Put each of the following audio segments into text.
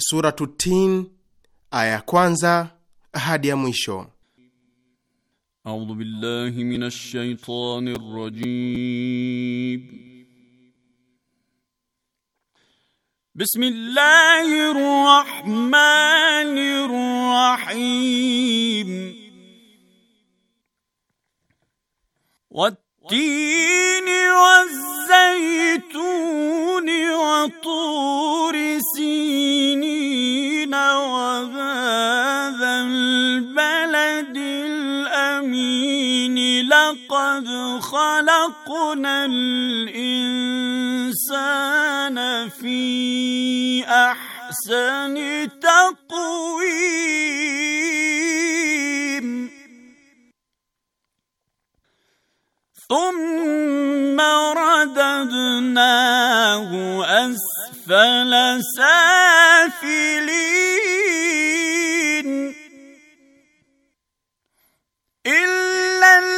Suratu Tin, aya kwanza hadi ya mwisho. Audhu billahi minash shaitani rajim. Bismillahir rahmanir rahim. والتين والزيتون وطور سينين وهذا البلد الأمين لقد خلقنا الإنسان في أحسن تقويم ثم رددناه اسفل سافلين الا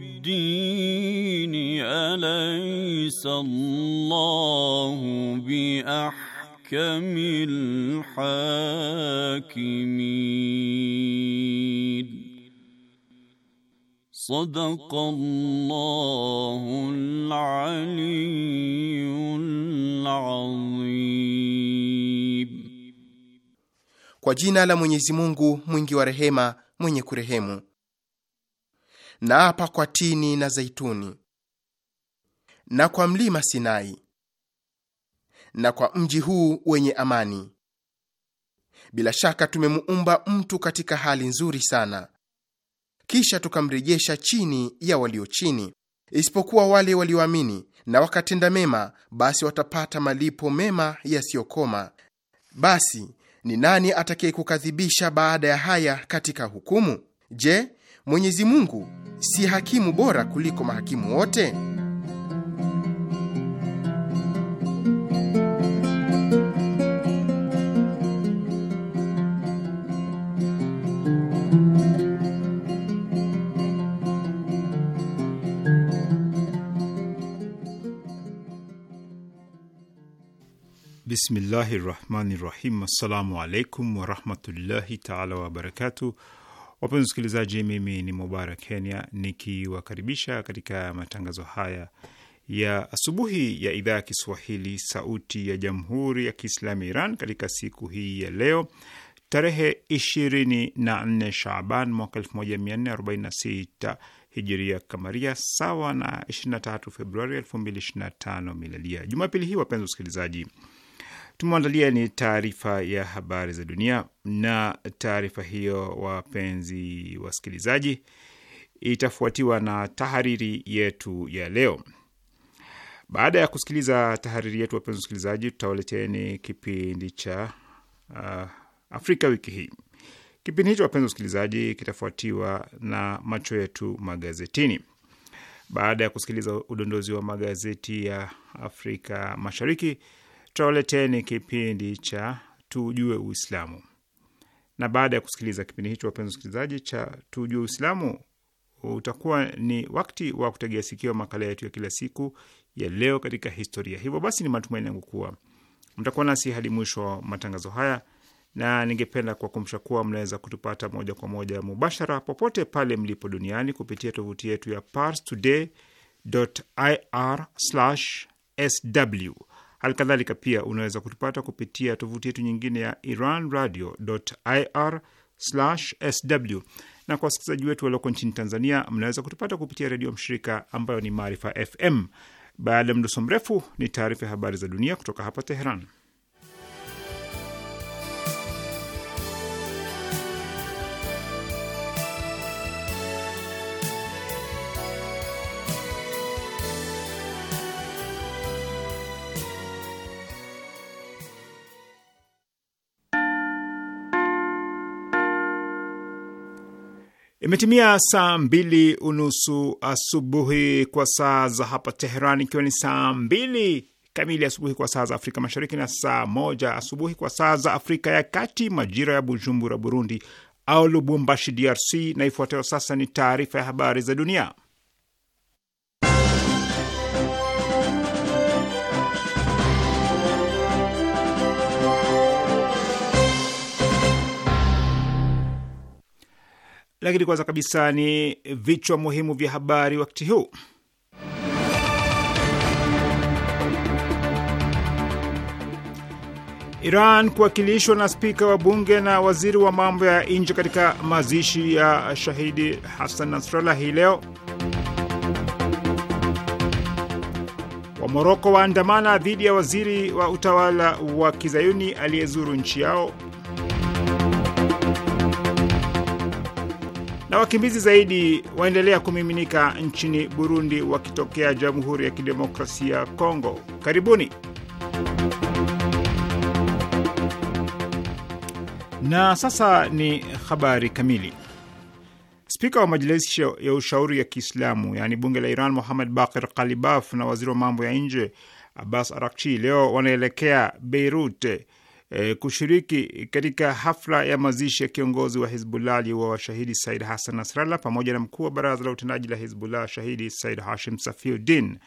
الدين أليس الله بأحكم الحاكمين صدق الله العلي العظيم Kwa jina la Mwenyezi Mungu mwingi wa rehema mwenye kurehemu na apa kwa tini na zaituni na kwa mlima Sinai na kwa mji huu wenye amani. Bila shaka tumemuumba mtu katika hali nzuri sana, kisha tukamrejesha chini ya walio chini, isipokuwa wale walioamini na wakatenda mema, basi watapata malipo mema yasiyokoma. Basi ni nani atakayekukadhibisha baada ya haya katika hukumu? Je, Mwenyezi Mungu si hakimu bora kuliko mahakimu wote? Bismillahi rahmani rahim. Assalamu alaikum warahmatullahi taala wabarakatu. Wapenzi wasikilizaji, mimi ni Mubarak Kenya nikiwakaribisha katika matangazo haya ya asubuhi ya idhaa ya Kiswahili sauti ya jamhuri ya Kiislamu ya Iran katika siku hii ya leo tarehe 24 Shaban mwaka 1446 hijiria kamaria, sawa na 23 Februari 2025 miladia. Jumapili hii, wapenzi wasikilizaji ni taarifa ya habari za dunia, na taarifa hiyo, wapenzi wasikilizaji, itafuatiwa na tahariri yetu ya leo. Baada ya kusikiliza tahariri yetu, wapenzi wasikilizaji, tutawaleteni kipindi cha uh, Afrika wiki hii. Kipindi hicho, wapenzi wasikilizaji, kitafuatiwa na macho yetu magazetini. Baada ya kusikiliza udondozi wa magazeti ya Afrika Mashariki, tutawaleteni kipindi cha tujue Uislamu, na baada ya kusikiliza kipindi hicho, wapenzi wasikilizaji, cha tujue Uislamu, utakuwa ni wakati wa kutegea sikio makala yetu ya kila siku ya leo katika historia. Hivyo basi, ni matumaini yangu kuwa mtakuwa nasi hadi mwisho wa matangazo haya, na ningependa kuwakumbusha kuwa mnaweza kutupata moja kwa moja mubashara popote pale mlipo duniani kupitia tovuti yetu ya parstoday.ir/sw Halikadhalika pia unaweza kutupata kupitia tovuti yetu nyingine ya iranradio.ir/sw, na kwa wasikilizaji wetu walioko nchini Tanzania, mnaweza kutupata kupitia redio mshirika ambayo ni Maarifa FM. Baada ya mdoso mrefu, ni taarifa ya habari za dunia kutoka hapa Teheran. Imetimia saa mbili unusu asubuhi kwa saa za hapa Teheran, ikiwa ni saa mbili kamili asubuhi kwa saa za Afrika Mashariki na saa moja asubuhi kwa saa za Afrika ya Kati, majira ya Bujumbura, Burundi, au Lubumbashi, DRC. Na ifuatayo sasa ni taarifa ya habari za dunia. lakini kwanza kabisa ni vichwa muhimu vya habari wakati huu. Iran kuwakilishwa na spika wa bunge na waziri wa mambo ya nje katika mazishi ya shahidi Hassan Nasrallah hii leo. Wamoroko waandamana dhidi ya waziri wa utawala wa kizayuni aliyezuru nchi yao. na wakimbizi zaidi waendelea kumiminika nchini Burundi wakitokea Jamhuri ya Kidemokrasia ya Kongo. Karibuni. Na sasa ni habari kamili. Spika wa Majlisi ya Ushauri ya Kiislamu, yaani bunge la Iran, Muhamed Bakir Kalibaf na waziri wa mambo ya nje Abbas Arakchi leo wanaelekea Beirut e, kushiriki katika hafla ya mazishi ya kiongozi wa Hizbullah aliyeuawa washahidi Said Hassan Nasrallah pamoja na mkuu wa baraza la utendaji la Hizbullah shahidi Said Hashim Safiuddin.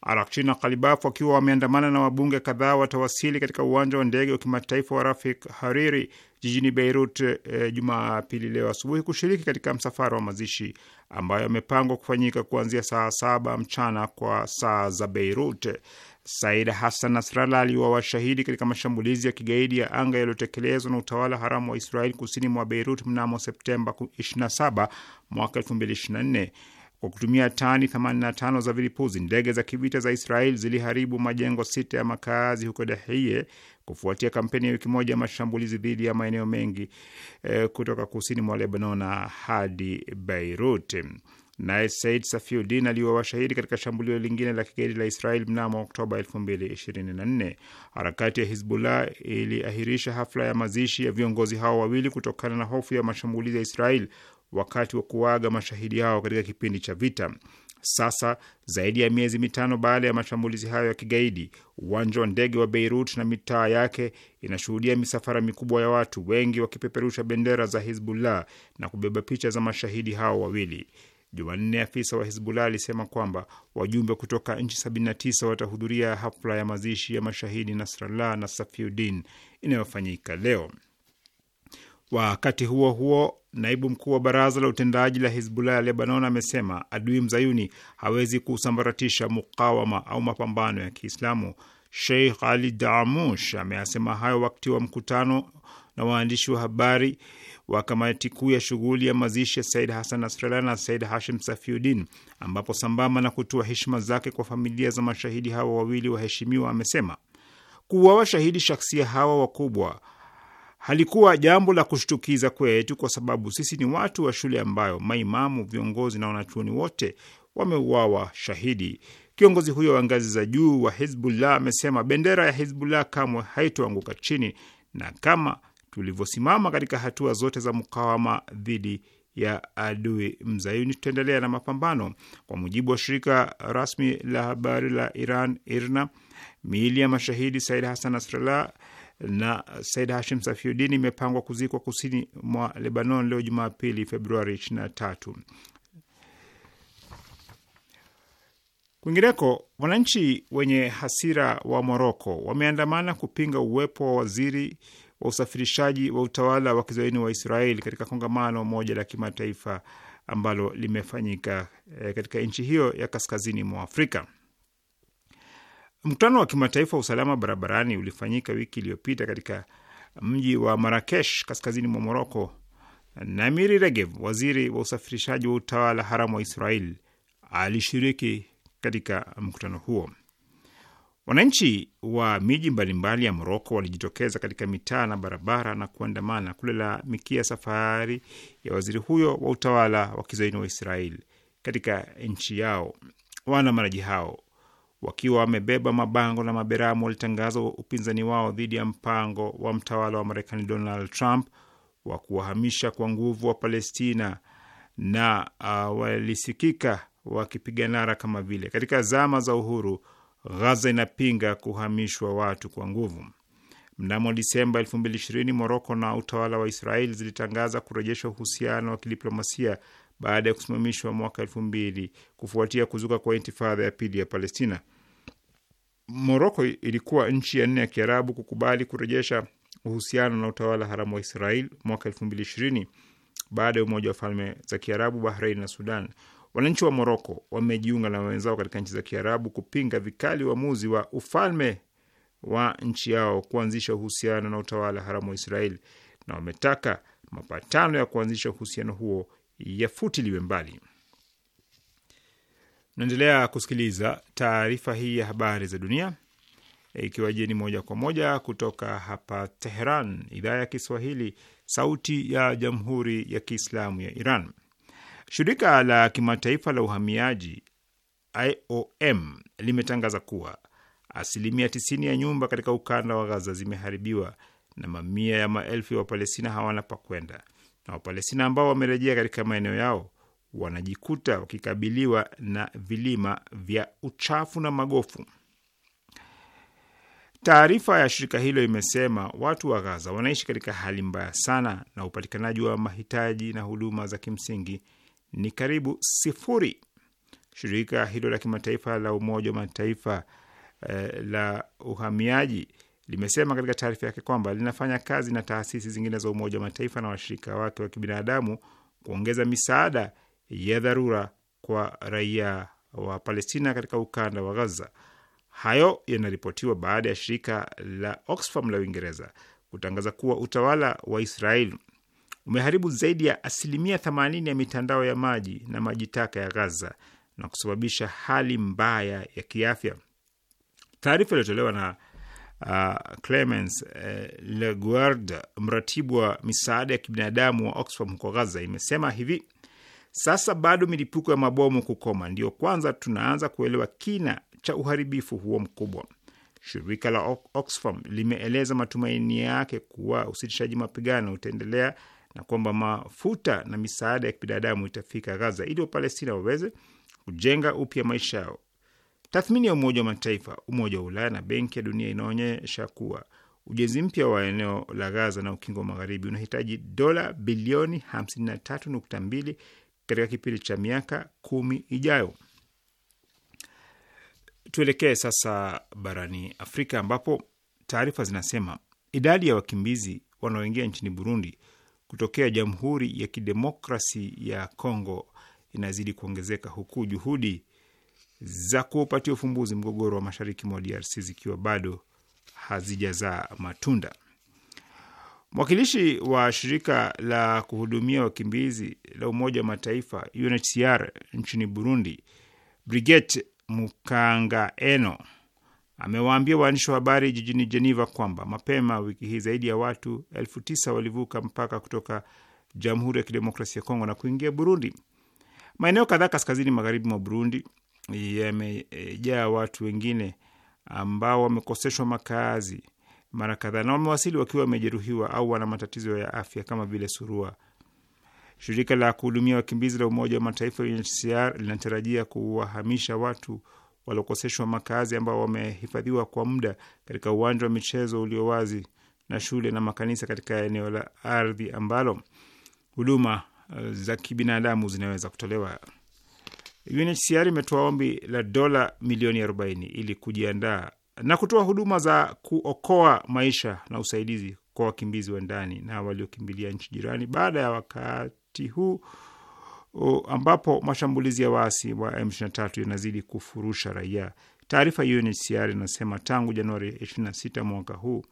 Arakchi na Kalibaf wakiwa wameandamana na wabunge kadhaa watawasili katika uwanja wa ndege wa kimataifa wa Rafik Hariri jijini Beirut e, Jumapili leo asubuhi kushiriki katika msafara wa mazishi ambayo amepangwa kufanyika kuanzia saa saba mchana kwa saa za Beirut. Said Hassan Nasrallah aliuawa shahidi katika mashambulizi ya kigaidi ya anga yaliyotekelezwa na utawala haramu wa Israeli kusini mwa Beirut mnamo Septemba 27 mwaka 2024 kwa kutumia tani 85 za vilipuzi. Ndege za kivita za Israel ziliharibu majengo sita ya makazi huko Dahie kufuatia kampeni ya wiki moja ya mashambulizi dhidi ya maeneo mengi e, kutoka kusini mwa Lebanon hadi Beirut. Naye Said Safiuddin aliwa washahidi katika shambulio lingine la kigaidi la Israel mnamo Oktoba 2024. Harakati ya Hizbullah iliahirisha hafla ya mazishi ya viongozi hao wawili kutokana na hofu ya mashambulizi ya Israel wakati wa kuaga mashahidi hao katika kipindi cha vita. Sasa zaidi ya miezi mitano baada ya mashambulizi hayo ya kigaidi, uwanja wa ndege wa Beirut na mitaa yake inashuhudia misafara mikubwa ya watu, wengi wakipeperusha bendera za Hizbullah na kubeba picha za mashahidi hao wawili. Jumanne, afisa wa Hizbullah alisema kwamba wajumbe kutoka nchi 79 watahudhuria hafla ya mazishi ya mashahidi Nasrallah na Safiuddin inayofanyika leo. Wakati huo huo, naibu mkuu wa baraza la utendaji la Hizbullah ya Lebanon, amesema adui mzayuni hawezi kusambaratisha mukawama au mapambano ya Kiislamu. Sheikh Ali Damush ameasema hayo wakati wa mkutano na waandishi wa habari wa kamati kuu ya shughuli ya mazishi ya Said Hasan Nasrallah na Said Hashim Safiuddin, ambapo sambamba na kutoa heshima zake kwa familia za mashahidi hawa wawili waheshimiwa, amesema kuuawa shahidi shaksia hawa wakubwa halikuwa jambo la kushtukiza kwetu, kwa sababu sisi ni watu wa shule ambayo maimamu, viongozi na wanachuoni wote wameuawa shahidi. Kiongozi huyo wa ngazi za juu wa Hizbullah amesema bendera ya Hizbullah kamwe haitoanguka chini, na kama tulivyosimama katika hatua zote za mkawama dhidi ya adui mzayuni, tutaendelea na mapambano. Kwa mujibu wa shirika rasmi la habari la Iran IRNA, miili ya mashahidi Said Hassan Nasrallah na Said Hashim Safiuddin imepangwa kuzikwa kusini mwa Lebanon leo Jumapili, Februari 23. Kwingineko, wananchi wenye hasira wa Moroko wameandamana kupinga uwepo wa waziri wa usafirishaji wa utawala wa kizoeni wa Israeli katika kongamano moja la kimataifa ambalo limefanyika eh, katika nchi hiyo ya kaskazini mwa Afrika. Mkutano wa kimataifa wa usalama barabarani ulifanyika wiki iliyopita katika mji wa Marakesh kaskazini mwa Moroko. Namiri Regev, waziri wa usafirishaji wa utawala haramu wa Israel, alishiriki katika mkutano huo. Wananchi wa miji mbalimbali ya Moroko walijitokeza katika mitaa na barabara na kuandamana kulalamikia safari ya waziri huyo wa utawala wa kizaini wa Israel katika nchi yao. Waandamanaji hao wakiwa wamebeba mabango na maberamu walitangaza upinzani wao dhidi ya mpango wa mtawala wa Marekani Donald Trump wa kuwahamisha kwa nguvu wa Palestina na uh, walisikika wakipiga nara kama vile katika zama za uhuru Ghaza inapinga kuhamishwa watu kwa nguvu. Mnamo Disemba 2020 Moroko na utawala wa Israeli zilitangaza kurejesha uhusiano wa kidiplomasia baada ya kusimamishwa mwaka elfu mbili kufuatia kuzuka kwa intifadha ya pili ya Palestina. Moroko ilikuwa nchi ya nne ya Kiarabu kukubali kurejesha uhusiano na utawala haramu wa Israel mwaka elfu mbili ishirini baada ya Umoja wa Falme za Kiarabu, Bahrain na Sudan. Wananchi wa Moroko wamejiunga na wenzao katika nchi za Kiarabu kupinga vikali uamuzi wa, wa ufalme wa nchi yao kuanzisha uhusiano na utawala haramu wa Israel na wametaka mapatano ya kuanzisha uhusiano huo yafutiliwe mbali. Naendelea kusikiliza taarifa hii ya habari za dunia ikiwa jeni moja kwa moja kutoka hapa Teheran, idhaa ya Kiswahili, sauti ya jamhuri ya kiislamu ya Iran. Shirika la kimataifa la uhamiaji IOM limetangaza kuwa asilimia 90 ya nyumba katika ukanda wa Gaza zimeharibiwa na mamia ya maelfu ya Wapalestina hawana pa kwenda na Wapalestina ambao wamerejea katika maeneo yao wanajikuta wakikabiliwa na vilima vya uchafu na magofu. Taarifa ya shirika hilo imesema watu wa Gaza wanaishi katika hali mbaya sana na upatikanaji wa mahitaji na huduma za kimsingi ni karibu sifuri. Shirika hilo la kimataifa la Umoja wa Mataifa eh, la uhamiaji limesema katika taarifa yake kwamba linafanya kazi na taasisi zingine za Umoja wa Mataifa na washirika wake wa kibinadamu kuongeza misaada ya dharura kwa raia wa Palestina katika ukanda wa Gaza. Hayo yanaripotiwa baada ya shirika la Oxfam la Uingereza kutangaza kuwa utawala wa Israel umeharibu zaidi ya asilimia 80 ya mitandao ya maji na maji taka ya Gaza na kusababisha hali mbaya ya kiafya. Taarifa iliyotolewa na uh, Clemens uh, Leguard, mratibu wa misaada ya kibinadamu wa Oxfam huko Gaza, imesema hivi: sasa bado milipuko ya mabomu kukoma, ndiyo kwanza tunaanza kuelewa kina cha uharibifu huo mkubwa. Shirika la Oxfam limeeleza matumaini yake kuwa usitishaji mapigano utaendelea na kwamba mafuta na misaada ya kibinadamu itafika Gaza ili Wapalestina waweze kujenga upya maisha yao. Tathmini ya Umoja wa Mataifa, Umoja wa Ulaya na Benki ya Dunia inaonyesha kuwa ujenzi mpya wa eneo la Gaza na Ukingo wa Magharibi unahitaji dola bilioni 53.2 katika kipindi cha miaka kumi ijayo. Tuelekee sasa barani Afrika ambapo taarifa zinasema idadi ya wakimbizi wanaoingia nchini Burundi kutokea Jamhuri ya Kidemokrasi ya Kongo inazidi kuongezeka huku juhudi za kuupatia ufumbuzi mgogoro wa mashariki mwa DRC zikiwa bado hazijazaa matunda. Mwakilishi wa shirika la kuhudumia wakimbizi la Umoja wa Mataifa UNHCR nchini Burundi, Brigette Mukangaeno amewaambia waandishi wa habari jijini Geneva kwamba mapema wiki hii zaidi ya watu elfu tisa walivuka mpaka kutoka Jamhuri ya Kidemokrasia ya Kongo na kuingia Burundi. Maeneo kadhaa kaskazini magharibi mwa Burundi yamejaa watu wengine ambao wamekoseshwa makazi mara kadhaa na wamewasili wakiwa wamejeruhiwa au wana matatizo ya afya kama vile surua. Shirika la kuhudumia wakimbizi la Umoja wa Mataifa UNHCR linatarajia kuwahamisha watu waliokoseshwa makazi ambao wamehifadhiwa kwa muda katika uwanja wa michezo ulio wazi na shule na makanisa katika eneo la ardhi ambalo huduma za kibinadamu zinaweza kutolewa. UNHCR imetoa ombi la dola milioni 40 ili kujiandaa na kutoa huduma za kuokoa maisha na usaidizi kwa wakimbizi wa ndani na waliokimbilia nchi jirani baada ya wakati huu ambapo mashambulizi ya waasi wa M23 yanazidi kufurusha raia. Taarifa ya UNHCR inasema tangu Januari 26 mwaka huu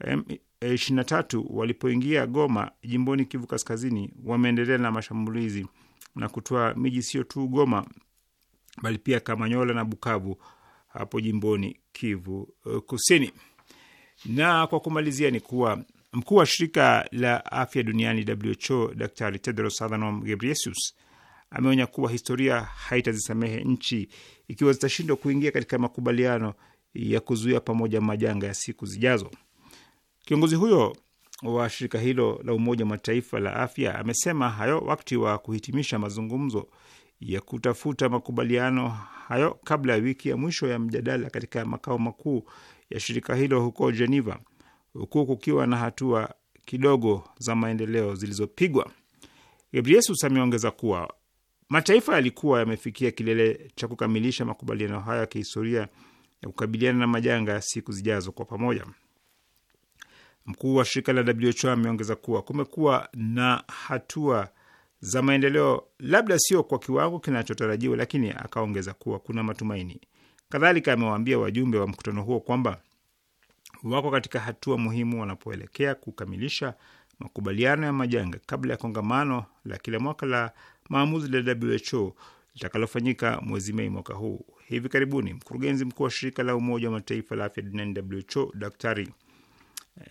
M23 walipoingia Goma, jimboni Kivu Kaskazini, wameendelea na mashambulizi na kutoa miji sio tu Goma bali pia Kamanyola na Bukavu hapo jimboni Kivu eh, Kusini. Na kwa kumalizia ni kuwa mkuu wa shirika la afya duniani WHO Daktari Tedros Adhanom Ghebreyesus ameonya kuwa historia haitazisamehe nchi ikiwa zitashindwa kuingia katika makubaliano ya kuzuia pamoja majanga ya siku zijazo. Kiongozi huyo wa shirika hilo la Umoja wa Mataifa la afya amesema hayo wakati wa kuhitimisha mazungumzo ya kutafuta makubaliano hayo kabla ya wiki ya mwisho ya mjadala katika makao makuu ya shirika hilo huko Geneva, huku kukiwa na hatua kidogo za maendeleo zilizopigwa. Gebreyesus ameongeza kuwa mataifa yalikuwa yamefikia kilele cha kukamilisha makubaliano hayo ya kihistoria ya kukabiliana na majanga ya siku zijazo kwa pamoja. Mkuu wa shirika la WHO ameongeza kuwa kumekuwa na hatua za maendeleo, labda sio kwa kiwango kinachotarajiwa, lakini akaongeza kuwa kuna matumaini. Kadhalika amewaambia wajumbe wa mkutano huo kwamba wako katika hatua muhimu wanapoelekea kukamilisha makubaliano ya majanga kabla ya kongamano la kila mwaka la maamuzi la WHO litakalofanyika mwezi Mei mwaka huu. Hivi karibuni mkurugenzi mkuu wa shirika la Umoja wa Mataifa la afya duniani WHO Daktari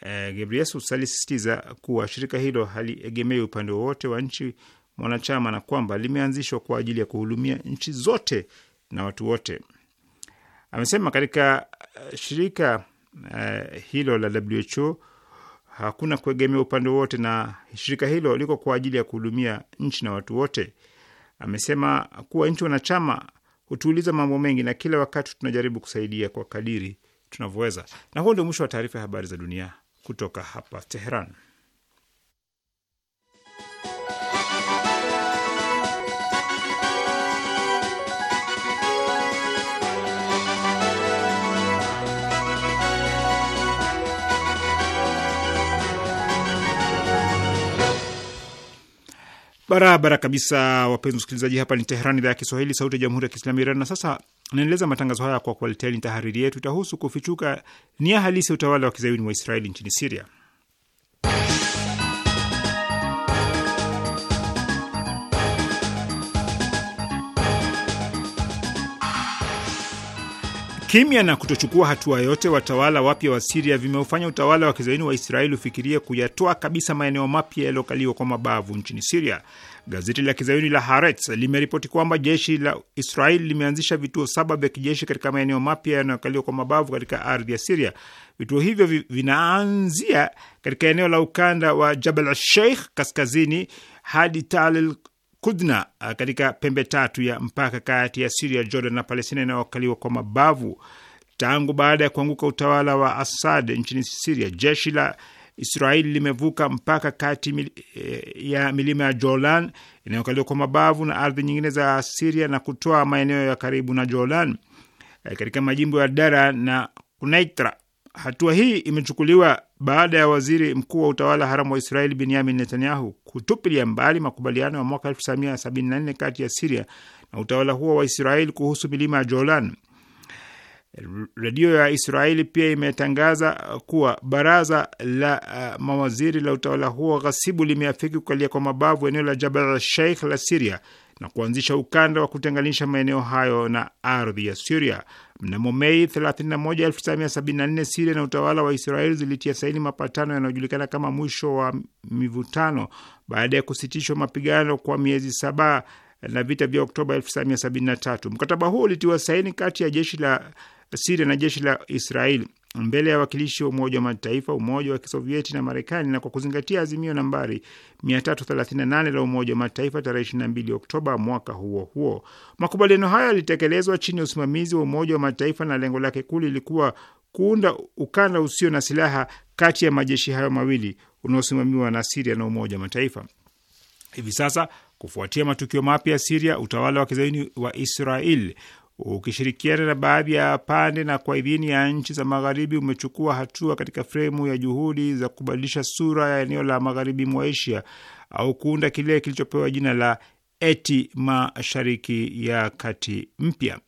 eh, alisisitiza kuwa shirika hilo haliegemei upande wowote wa nchi mwanachama na kwamba limeanzishwa kwa ajili ya kuhudumia nchi zote na watu wote. Amesema katika eh, shirika eh, hilo la WHO hakuna kuegemea upande wowote na shirika hilo liko kwa ajili ya kuhudumia nchi na watu wote. Amesema kuwa nchi wanachama hutuuliza mambo mengi na kila wakati tunajaribu kusaidia kwa kadiri tunavyoweza. Na huo ndio mwisho wa taarifa ya habari za dunia kutoka hapa Teheran. Barabara kabisa, wapenzi wasikilizaji, hapa ni Teherani, idhaa ya Kiswahili, sauti ya jamhuri ya kiislamu ya Iran. Na sasa Naendeleza matangazo haya kwa kuwaleteani tahariri yetu itahusu kufichuka nia halisi ya utawala wa kizayuni wa Israeli nchini Siria. Kimya na kutochukua hatua yote watawala wapya wa Siria vimeufanya utawala wa kizayuni wa Israeli ufikirie kuyatoa kabisa maeneo mapya yaliyokaliwa kwa mabavu nchini Siria. Gazeti la kizayuni la Haaretz limeripoti kwamba jeshi la Israel limeanzisha vituo saba vya kijeshi katika maeneo mapya yanayokaliwa kwa mabavu katika ardhi ya Siria. Vituo hivyo vinaanzia katika eneo la ukanda wa Jabal sheikh kaskazini hadi Tal Kudna uh, katika pembe tatu ya mpaka kati ya Siria, Jordan na Palestina inayokaliwa kwa mabavu. Tangu baada ya kuanguka utawala wa Asad nchini Siria, jeshi la Israeli limevuka mpaka kati eh, ya milima ya Jolan inayokaliwa kwa mabavu na ardhi nyingine za Siria na kutoa maeneo ya karibu na Jolan eh, katika majimbo ya Dara na Kunaitra. Hatua hii imechukuliwa baada ya waziri mkuu wa utawala haramu wa Israeli Benyamin Netanyahu kutupilia mbali makubaliano ya mwaka 1974 kati ya Siria na utawala huo wa Israeli kuhusu milima ya Jolan. Redio ya Israeli pia imetangaza uh, kuwa baraza la uh, mawaziri la utawala huo ghasibu limeafiki kukalia kwa mabavu eneo la Jabal al-Sheikh la Siria na kuanzisha ukanda wa kutenganisha maeneo hayo na ardhi ya Siria. Mnamo Mei 31, 1974 Siria na utawala wa Israeli zilitia saini mapatano yanayojulikana kama mwisho wa mivutano baada ya kusitishwa mapigano kwa miezi saba na vita vya Oktoba 1973. Mkataba huo ulitiwa saini kati ya jeshi la Siria na jeshi la Israel mbele ya wakilishi wa Umoja wa Mataifa, Umoja wa Kisovieti na Marekani, na kwa kuzingatia azimio nambari 338 la Umoja wa Mataifa tarehe 22 Oktoba mwaka huo huo. Makubaliano hayo yalitekelezwa chini ya usimamizi wa Umoja wa Mataifa na lengo lake kuu lilikuwa kuunda ukanda usio na silaha kati ya majeshi hayo mawili unaosimamiwa na Siria na Umoja wa Mataifa. Hivi sasa kufuatia matukio mapya ya Siria, utawala wa kizaini wa Israel ukishirikiana na baadhi ya pande na kwa idhini ya nchi za Magharibi umechukua hatua katika fremu ya juhudi za kubadilisha sura ya eneo la magharibi mwa Asia au kuunda kile kilichopewa jina la eti Mashariki ya Kati mpya.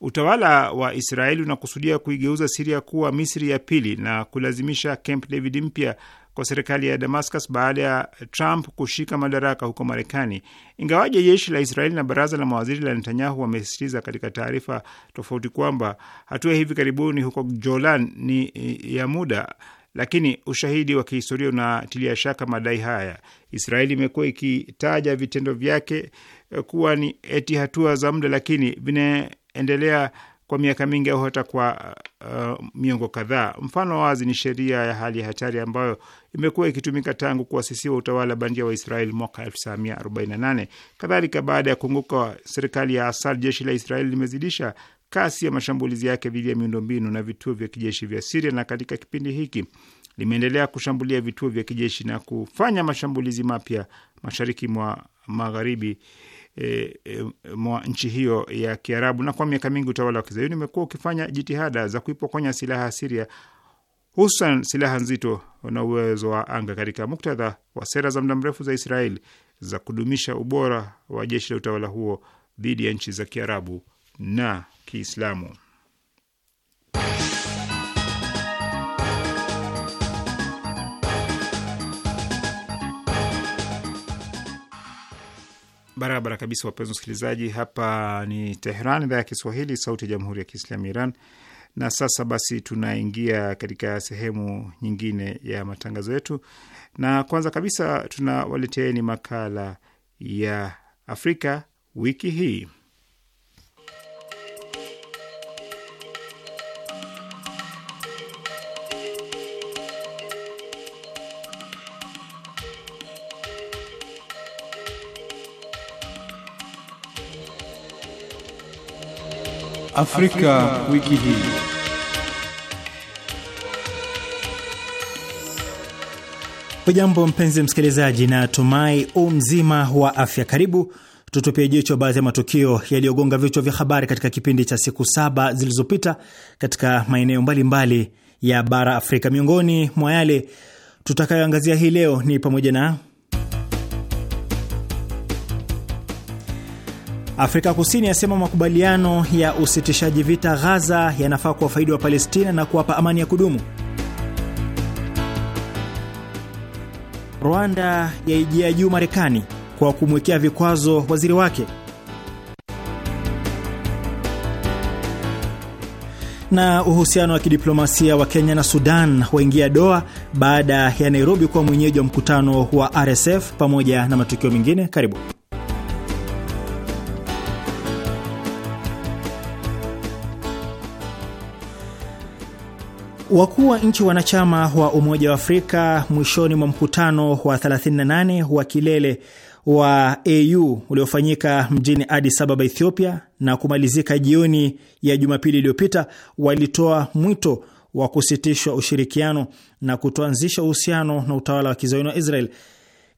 Utawala wa Israeli unakusudia kuigeuza Siria kuwa Misri ya pili na kulazimisha Camp David mpya kwa serikali ya Damascus baada ya Trump kushika madaraka huko Marekani. Ingawaje jeshi la Israeli na baraza la mawaziri la Netanyahu wamesisitiza katika taarifa tofauti kwamba hatua hivi karibuni huko jolan ni eh, ya muda, lakini ushahidi wa kihistoria unatilia shaka madai haya. Israeli imekuwa ikitaja vitendo vyake eh, kuwa ni eti hatua za muda, lakini vinaendelea kwa miaka mingi au hata kwa uh, miongo kadhaa. Mfano wazi ni sheria ya hali ya hatari ambayo imekuwa ikitumika tangu kuasisiwa utawala bandia wa Israeli mwaka 1948. Kadhalika, baada ya kuanguka serikali ya Asar, jeshi la Israeli limezidisha kasi ya mashambulizi yake dhidi ya miundombinu na vituo vya kijeshi vya Siria, na katika kipindi hiki limeendelea kushambulia vituo vya kijeshi na kufanya mashambulizi mapya mashariki mwa magharibi e, e, mwa nchi hiyo ya Kiarabu. Na kwa miaka mingi utawala wa kizayuni umekuwa ukifanya jitihada za kuipokonya silaha Siria, hususan silaha nzito na uwezo wa anga, katika muktadha wa sera za muda mrefu za Israeli za kudumisha ubora wa jeshi la utawala huo dhidi ya nchi za Kiarabu na Kiislamu. Barabara kabisa, wapenzi wasikilizaji, hapa ni Tehran, idhaa ya Kiswahili, sauti ya jamhuri ya kiislamu Iran. Na sasa basi, tunaingia katika sehemu nyingine ya matangazo yetu, na kwanza kabisa tunawaleteeni makala ya Afrika wiki hii. Afrika, wiki hii. Hujambo mpenzi msikilizaji, na tumai u mzima wa afya. Karibu tutupie jicho baadhi ya matukio yaliyogonga vichwa vya habari katika kipindi cha siku saba zilizopita katika maeneo mbalimbali ya bara Afrika. Miongoni mwa yale tutakayoangazia hii leo ni pamoja na Afrika Kusini yasema makubaliano ya usitishaji vita Ghaza yanafaa kwa kuwafaidi wa Palestina na kuwapa amani ya kudumu. Rwanda yaijia juu Marekani kwa kumwekea vikwazo waziri wake. Na uhusiano wa kidiplomasia wa Kenya na Sudan waingia doa baada ya Nairobi kuwa mwenyeji wa mkutano wa RSF pamoja na matukio mengine. Karibu. Wakuu wa nchi wanachama wa Umoja wa Afrika mwishoni mwa mkutano wa 38 wa kilele wa AU uliofanyika mjini Addis Ababa, Ethiopia na kumalizika jioni ya Jumapili iliyopita walitoa mwito wa kusitishwa ushirikiano na kutoanzisha uhusiano na utawala wa kizayuni wa Israel.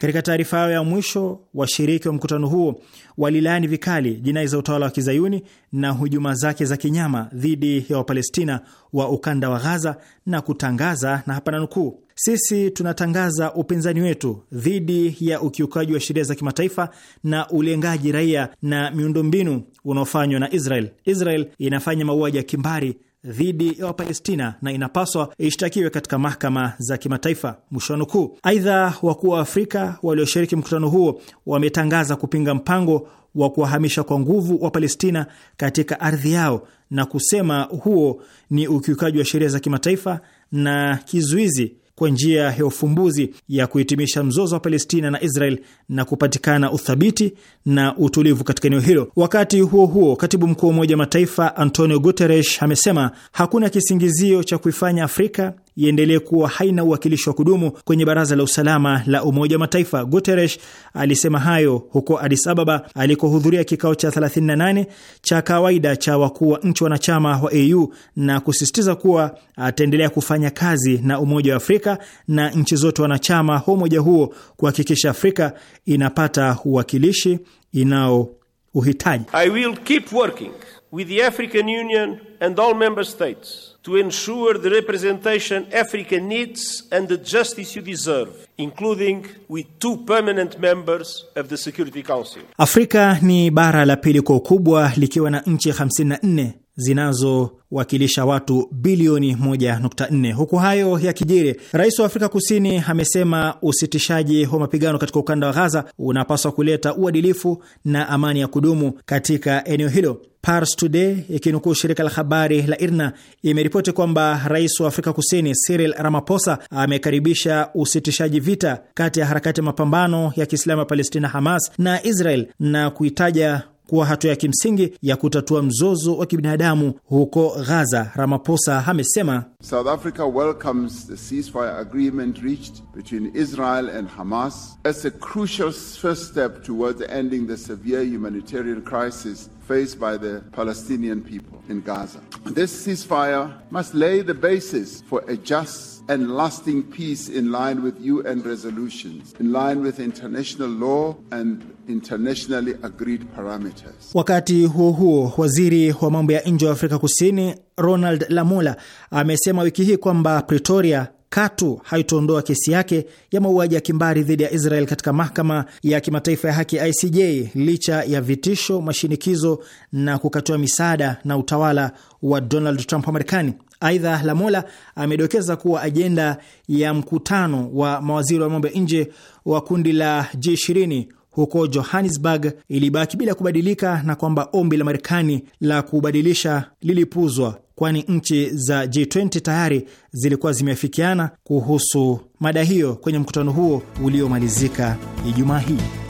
Katika taarifa yao ya mwisho, washiriki wa mkutano huo walilaani vikali jinai za utawala wa kizayuni na hujuma zake za kinyama dhidi ya Wapalestina wa ukanda wa Ghaza na kutangaza, na hapa nanukuu, sisi tunatangaza upinzani wetu dhidi ya ukiukaji wa sheria za kimataifa na ulengaji raia na miundombinu unaofanywa na Israel. Israel inafanya mauaji ya kimbari dhidi ya Wapalestina na inapaswa ishtakiwe katika mahakama za kimataifa, mwisho wa nukuu. Aidha, wakuu wa Afrika walioshiriki mkutano huo wametangaza kupinga mpango wa kuwahamisha kwa nguvu wa Palestina katika ardhi yao na kusema huo ni ukiukaji wa sheria za kimataifa na kizuizi kwa njia ya ufumbuzi ya kuhitimisha mzozo wa Palestina na Israel na kupatikana uthabiti na utulivu katika eneo hilo. Wakati huo huo, katibu mkuu wa Umoja wa Mataifa Antonio Guterres amesema hakuna kisingizio cha kuifanya Afrika iendelee kuwa haina uwakilishi wa kudumu kwenye Baraza la Usalama la Umoja wa Mataifa. Guterres alisema hayo huko Addis Ababa alikohudhuria kikao cha 38 cha kawaida cha wakuu wa nchi wanachama wa AU na kusisitiza kuwa ataendelea kufanya kazi na Umoja wa Afrika na nchi zote wanachama wa umoja huo kuhakikisha Afrika inapata uwakilishi inao uhitaji. I will keep working with the African Union and all member states to ensure the representation Africa needs and the justice you deserve, including with two permanent members of the Security Council. Afrika ni bara la pili kwa ukubwa likiwa na nchi 54 zinazowakilisha watu bilioni 1.4. Huku hayo ya kijiri, rais wa Afrika Kusini amesema usitishaji wa mapigano katika ukanda wa Ghaza unapaswa kuleta uadilifu na amani ya kudumu katika eneo hilo. Pars Today ikinukuu shirika la habari la IRNA imeripoti kwamba rais wa Afrika Kusini Cyril Ramaphosa amekaribisha usitishaji vita kati ya harakati ya mapambano ya Kiislamu ya Palestina Hamas na Israel na kuitaja kuwa hatua ya kimsingi ya kutatua mzozo wa kibinadamu huko Gaza. Ramaphosa amesema South Africa welcomes the ceasefire agreement reached between Israel and Hamas as a crucial first step towards ending the severe humanitarian crisis faced by the Palestinian people in Gaza. This ceasefire must lay the basis for a just and lasting peace in line with UN resolutions, in line with international law and internationally agreed parameters. Wakati huo huo, waziri wa mambo ya nje wa Afrika Kusini Ronald Lamola amesema wiki hii kwamba Pretoria katu haitoondoa kesi yake ya mauaji ya kimbari dhidi ya Israel katika mahakama ya kimataifa ya haki ICJ licha ya vitisho, mashinikizo na kukatiwa misaada na utawala wa Donald Trump wa Marekani. Aidha, Lamola amedokeza kuwa ajenda ya mkutano wa mawaziri wa mambo ya nje wa kundi la G20 huko Johannesburg ilibaki bila kubadilika na kwamba ombi la Marekani la kubadilisha lilipuzwa, kwani nchi za G20 tayari zilikuwa zimeafikiana kuhusu mada hiyo kwenye mkutano huo uliomalizika Ijumaa hii.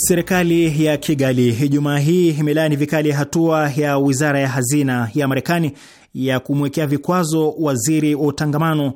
Serikali ya Kigali Ijumaa hii imelaani vikali hatua ya wizara ya hazina ya Marekani ya kumwekea vikwazo waziri wa utangamano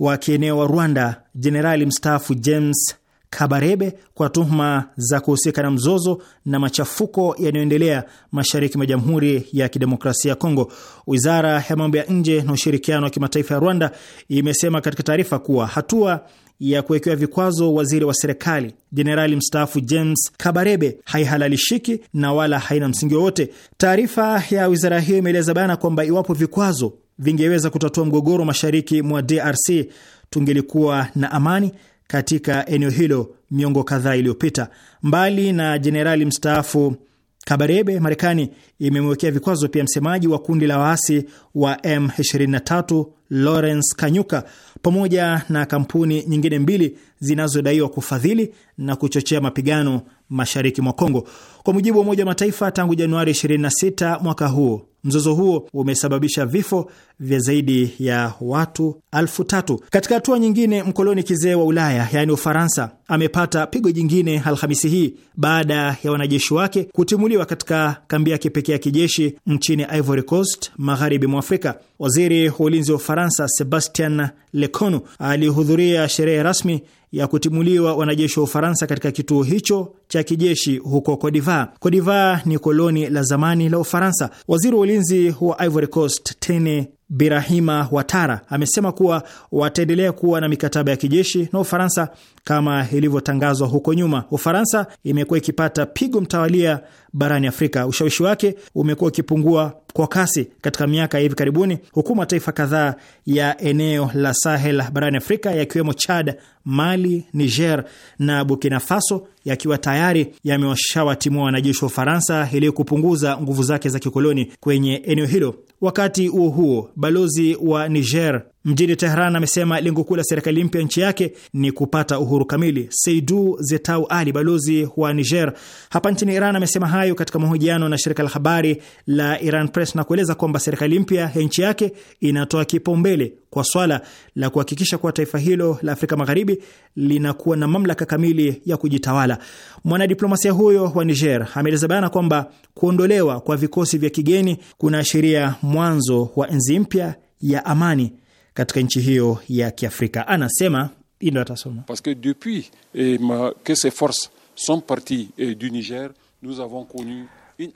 wa kieneo wa Rwanda, jenerali mstaafu James Kabarebe kwa tuhuma za kuhusika na mzozo na machafuko yanayoendelea mashariki mwa Jamhuri ya Kidemokrasia ya Kongo. Wizara ya mambo ya nje na ushirikiano wa kimataifa ya Rwanda imesema katika taarifa kuwa hatua ya kuwekewa vikwazo waziri wa serikali jenerali mstaafu James Kabarebe haihalalishiki na wala haina msingi wowote. Taarifa ya wizara hiyo imeeleza bayana kwamba iwapo vikwazo vingeweza kutatua mgogoro mashariki mwa DRC, tungelikuwa na amani katika eneo hilo miongo kadhaa iliyopita. Mbali na jenerali mstaafu Kabarebe, Marekani imemwekea vikwazo pia msemaji wa kundi la waasi wa M23 Lawrence Kanyuka pamoja na kampuni nyingine mbili zinazodaiwa kufadhili na kuchochea mapigano mashariki mwa Kongo. Kwa mujibu wa Umoja wa Mataifa, tangu Januari 26 mwaka huo mzozo huo umesababisha vifo vya zaidi ya watu elfu tatu. Katika hatua nyingine, mkoloni kizee wa Ulaya yaani Ufaransa amepata pigo jingine Alhamisi hii baada ya wanajeshi wake kutimuliwa katika kambi yake pekee ya kijeshi nchini Ivory Coast, magharibi mwa Afrika. Waziri wa ulinzi wa Ufaransa Sebastian Lecornu alihudhuria sherehe rasmi ya kutimuliwa wanajeshi wa Ufaransa katika kituo hicho cha kijeshi huko Codivar. Codivar ni koloni la zamani la Ufaransa. Waziri wa ulinzi wa Ivory Coast Tene Birahima Watara amesema kuwa wataendelea kuwa na mikataba ya kijeshi na Ufaransa kama ilivyotangazwa huko nyuma. Ufaransa imekuwa ikipata pigo mtawalia barani Afrika. Ushawishi wake umekuwa ukipungua kwa kasi katika miaka ya hivi karibuni, huku mataifa kadhaa ya eneo la Sahel barani Afrika yakiwemo Chad, Mali, Niger na Burkina Faso yakiwa tayari yamewashawatimua wanajeshi wa Ufaransa ili kupunguza nguvu zake za kikoloni kwenye eneo hilo. Wakati huo huo, balozi wa Niger mjini Tehran amesema lengo kuu la serikali mpya nchi yake ni kupata uhuru kamili. Seidu Zetau Ali, balozi wa Niger hapa nchini Iran, amesema hayo katika mahojiano na shirika la habari la Iran Press na kueleza kwamba serikali mpya ya nchi yake inatoa kipaumbele kwa swala la kuhakikisha kuwa taifa hilo la Afrika Magharibi linakuwa na mamlaka kamili ya kujitawala. Mwanadiplomasia huyo wa Niger ameeleza bayana kwamba kuondolewa kwa vikosi vya kigeni kunaashiria mwanzo wa enzi mpya ya amani katika nchi hiyo ya Kiafrika. Anasema Indo atasoma Paske depuis eh, ma, que ces forces sont parties eh, du Niger nous avons connu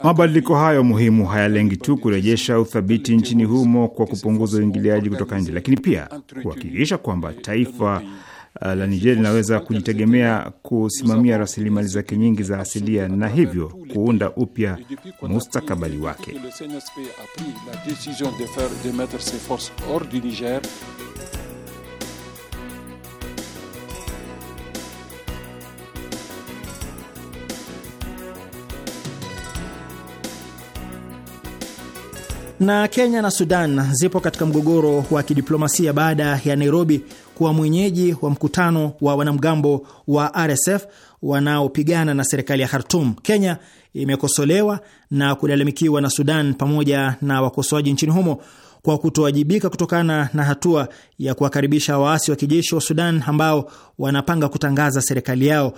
Mabadiliko hayo muhimu hayalengi tu kurejesha uthabiti nchini humo kwa kupunguza uingiliaji kutoka nje, lakini pia kuhakikisha kwamba taifa Uh, la Niger linaweza kujitegemea kusimamia rasilimali zake nyingi za asilia na hivyo kuunda upya mustakabali wake. Na Kenya na Sudan zipo katika mgogoro wa kidiplomasia baada ya Nairobi kuwa mwenyeji wa mkutano wa wanamgambo wa RSF wanaopigana na serikali ya Khartum. Kenya imekosolewa na kulalamikiwa na Sudan pamoja na wakosoaji nchini humo kwa kutowajibika kutokana na hatua ya kuwakaribisha waasi wa kijeshi wa Sudan ambao wanapanga kutangaza serikali yao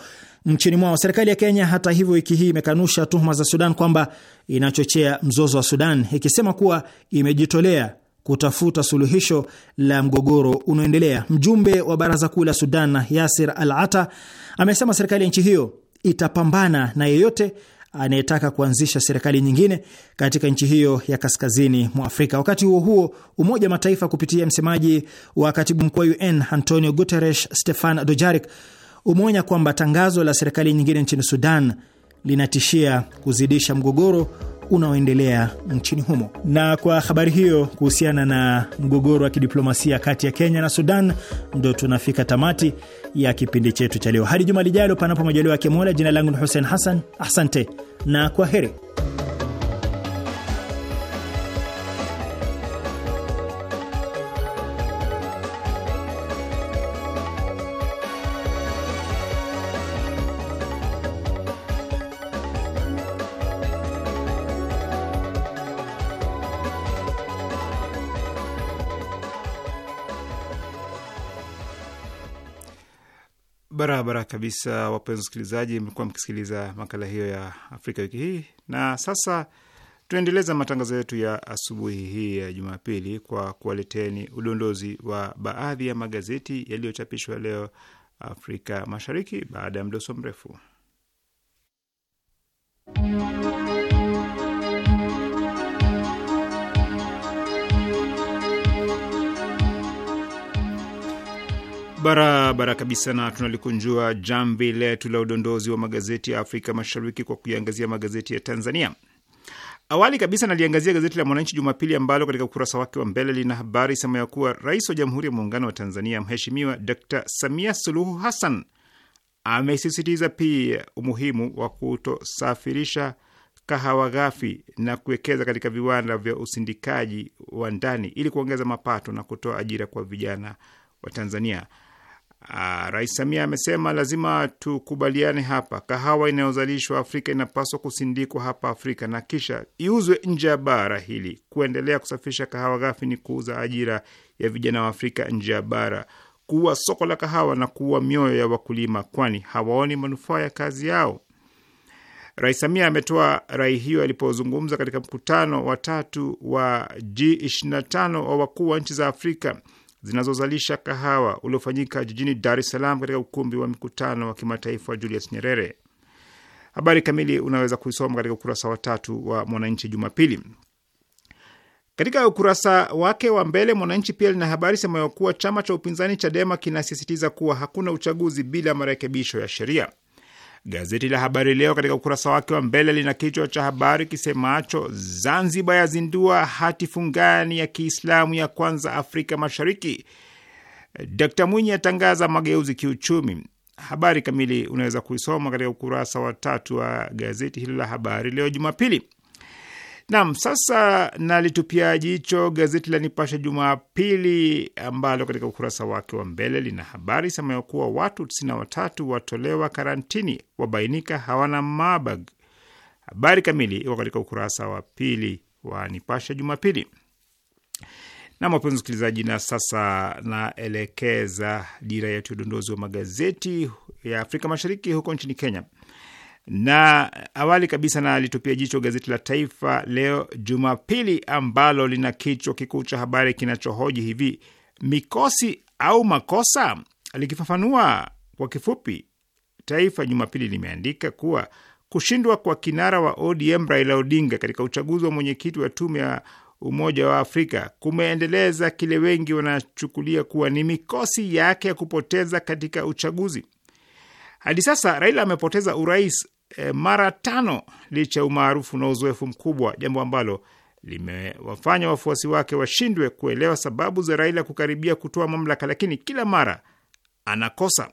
nchini mwao. Serikali ya Kenya, hata hivyo, wiki hii imekanusha tuhuma za Sudan kwamba inachochea mzozo wa Sudan, ikisema kuwa imejitolea kutafuta suluhisho la mgogoro unaoendelea. Mjumbe wa baraza kuu la Sudan Yasir Al Ata amesema serikali ya nchi hiyo itapambana na yeyote anayetaka kuanzisha serikali nyingine katika nchi hiyo ya kaskazini mwa Afrika. Wakati huo huo, Umoja wa Mataifa kupitia msemaji wa katibu mkuu wa UN Antonio Guterres, Stefan Dojarik, umeonya kwamba tangazo la serikali nyingine nchini Sudan linatishia kuzidisha mgogoro unaoendelea nchini humo. Na kwa habari hiyo kuhusiana na mgogoro wa kidiplomasia kati ya Kenya na Sudan, ndo tunafika tamati ya kipindi chetu cha leo. Hadi juma lijalo, panapo majaliwa yake Jina langu ni Hussein Hassan, asante na kwa heri. Barabara kabisa, wapenzi wasikilizaji, mmekuwa mkisikiliza makala hiyo ya Afrika wiki hii, na sasa tunaendeleza matangazo yetu ya asubuhi hii ya Jumapili kwa kuwaleteni udondozi wa baadhi ya magazeti yaliyochapishwa leo Afrika Mashariki baada ya mdoso mrefu. Barabara kabisa, na tunalikunjua jamvi letu la udondozi wa magazeti ya Afrika Mashariki kwa kuiangazia magazeti ya Tanzania. Awali kabisa naliangazia gazeti la Mwananchi Jumapili ambalo katika ukurasa wake wa mbele lina habari sema ya kuwa Rais wa Jamhuri ya Muungano wa Tanzania Mheshimiwa Dr Samia Suluhu Hassan amesisitiza pia umuhimu wa kutosafirisha kahawa ghafi na kuwekeza katika viwanda vya usindikaji wa ndani ili kuongeza mapato na kutoa ajira kwa vijana wa Tanzania. Ah, Rais Samia amesema lazima tukubaliane hapa, kahawa inayozalishwa Afrika inapaswa kusindikwa hapa Afrika na kisha iuzwe nje ya bara hili. Kuendelea kusafisha kahawa ghafi ni kuuza ajira ya vijana wa Afrika nje ya bara, kuua soko la kahawa na kuua mioyo ya wakulima, kwani hawaoni manufaa ya kazi yao. Rais Samia ametoa rai hiyo alipozungumza katika mkutano wa tatu wa G25 wa wakuu wa nchi za Afrika zinazozalisha kahawa uliofanyika jijini Dar es Salaam katika ukumbi wa mikutano wa kimataifa wa Julius Nyerere. Habari kamili unaweza kuisoma katika ukurasa wa tatu wa Mwananchi Jumapili. Katika ukurasa wake wa mbele Mwananchi pia lina habari semayo kuwa chama cha upinzani Chadema kinasisitiza kuwa hakuna uchaguzi bila marekebisho ya sheria. Gazeti la Habari Leo katika ukurasa wake wa mbele lina kichwa cha habari kisemacho Zanzibar yazindua hati fungani ya Kiislamu ya kwanza Afrika Mashariki. Dkt Mwinyi atangaza mageuzi kiuchumi. Habari kamili unaweza kuisoma katika ukurasa wa tatu wa gazeti hilo la Habari Leo Jumapili. Nam, sasa nalitupia jicho gazeti la Nipashe Jumapili ambalo katika ukurasa wake wa mbele lina habari semayo kuwa watu 93 watolewa karantini, wabainika hawana mabag. Habari kamili iko katika ukurasa wa pili wa Nipashe Jumapili. Nam, wapenzi msikilizaji, na sasa naelekeza dira yetu ya udondozi wa magazeti ya Afrika Mashariki, huko nchini Kenya na awali kabisa na alitupia jicho gazeti la Taifa Leo Jumapili ambalo lina kichwa kikuu cha habari kinachohoji hivi mikosi au makosa. Likifafanua kwa kifupi, Taifa Jumapili limeandika kuwa kushindwa kwa kinara wa ODM Raila Odinga katika uchaguzi wa mwenyekiti wa tume ya Umoja wa Afrika kumeendeleza kile wengi wanachukulia kuwa ni mikosi yake ya kupoteza katika uchaguzi. Hadi sasa Raila amepoteza urais e, mara tano licha ya umaarufu na uzoefu mkubwa, jambo ambalo limewafanya wafuasi wake washindwe kuelewa sababu za Raila kukaribia kutoa mamlaka, lakini kila mara anakosa.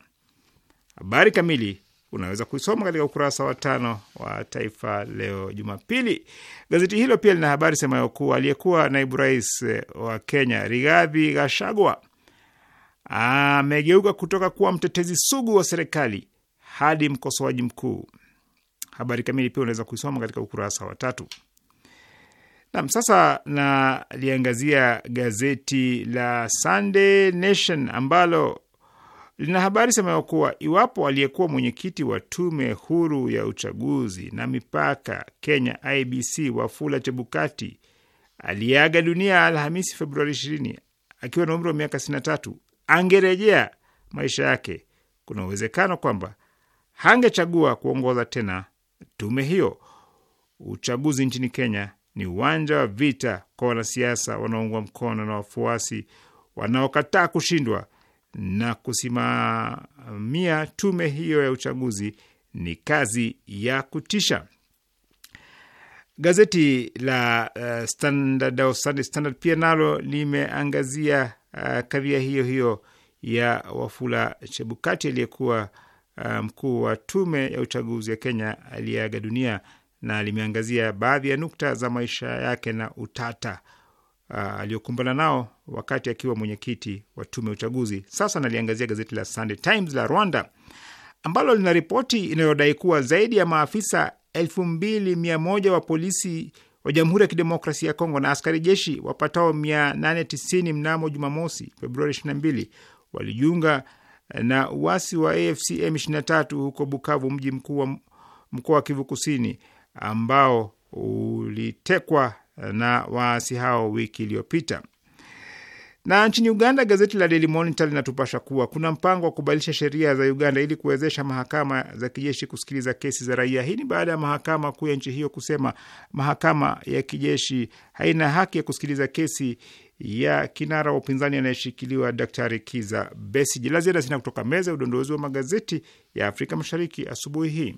Habari kamili unaweza kuisoma katika ukurasa wa tano wa Taifa Leo Jumapili. Gazeti hilo pia lina habari semayo kuwa aliyekuwa naibu rais eh, wa Kenya Rigathi Gachagua amegeuka kutoka kuwa mtetezi sugu wa serikali hadi mkosoaji mkuu. Habari kamili pia unaweza kuisoma katika ukurasa wa tatu. Nam, sasa naliangazia gazeti la Sunday Nation ambalo lina habari semayo kuwa iwapo aliyekuwa mwenyekiti wa tume huru ya uchaguzi na mipaka Kenya IBC Wafula Chebukati aliyeaga dunia Alhamisi Februari 20 akiwa na umri wa miaka 63 angerejea maisha yake, kuna uwezekano kwamba hangechagua kuongoza tena tume hiyo. Uchaguzi nchini Kenya ni uwanja wa vita kwa wanasiasa wanaoungwa mkono na wafuasi wanaokataa kushindwa, na kusimamia tume hiyo ya uchaguzi ni kazi ya kutisha. Gazeti la uh, Standard, Standard pia nalo limeangazia uh, kadhia hiyo hiyo ya Wafula Chebukati aliyekuwa Uh, mkuu wa tume ya uchaguzi ya Kenya aliyeaga dunia na limeangazia baadhi ya nukta za maisha yake na utata uh, aliyokumbana nao wakati akiwa mwenyekiti wa tume ya uchaguzi. Sasa naliangazia gazeti la Sunday Times la Rwanda ambalo lina ripoti inayodai kuwa zaidi ya maafisa elfu mbili mia moja wa polisi wa Jamhuri ya Kidemokrasia ya Kongo na askari jeshi wapatao 890 mnamo Jumamosi Februari 22 walijiunga na uasi wa AFC M23 huko Bukavu, mji mkuu wa mkoa wa Kivu Kusini, ambao ulitekwa na waasi hao wiki iliyopita. Na nchini Uganda, gazeti la Daily Monitor linatupasha kuwa kuna mpango wa kubadilisha sheria za Uganda ili kuwezesha mahakama za kijeshi kusikiliza kesi za raia. Hii ni baada ya mahakama kuu ya nchi hiyo kusema mahakama ya kijeshi haina haki ya kusikiliza kesi ya kinara wa upinzani anayeshikiliwa Daktari Kiza Besije. La ziada sina kutoka meza ya udondozi wa magazeti ya Afrika Mashariki asubuhi hii.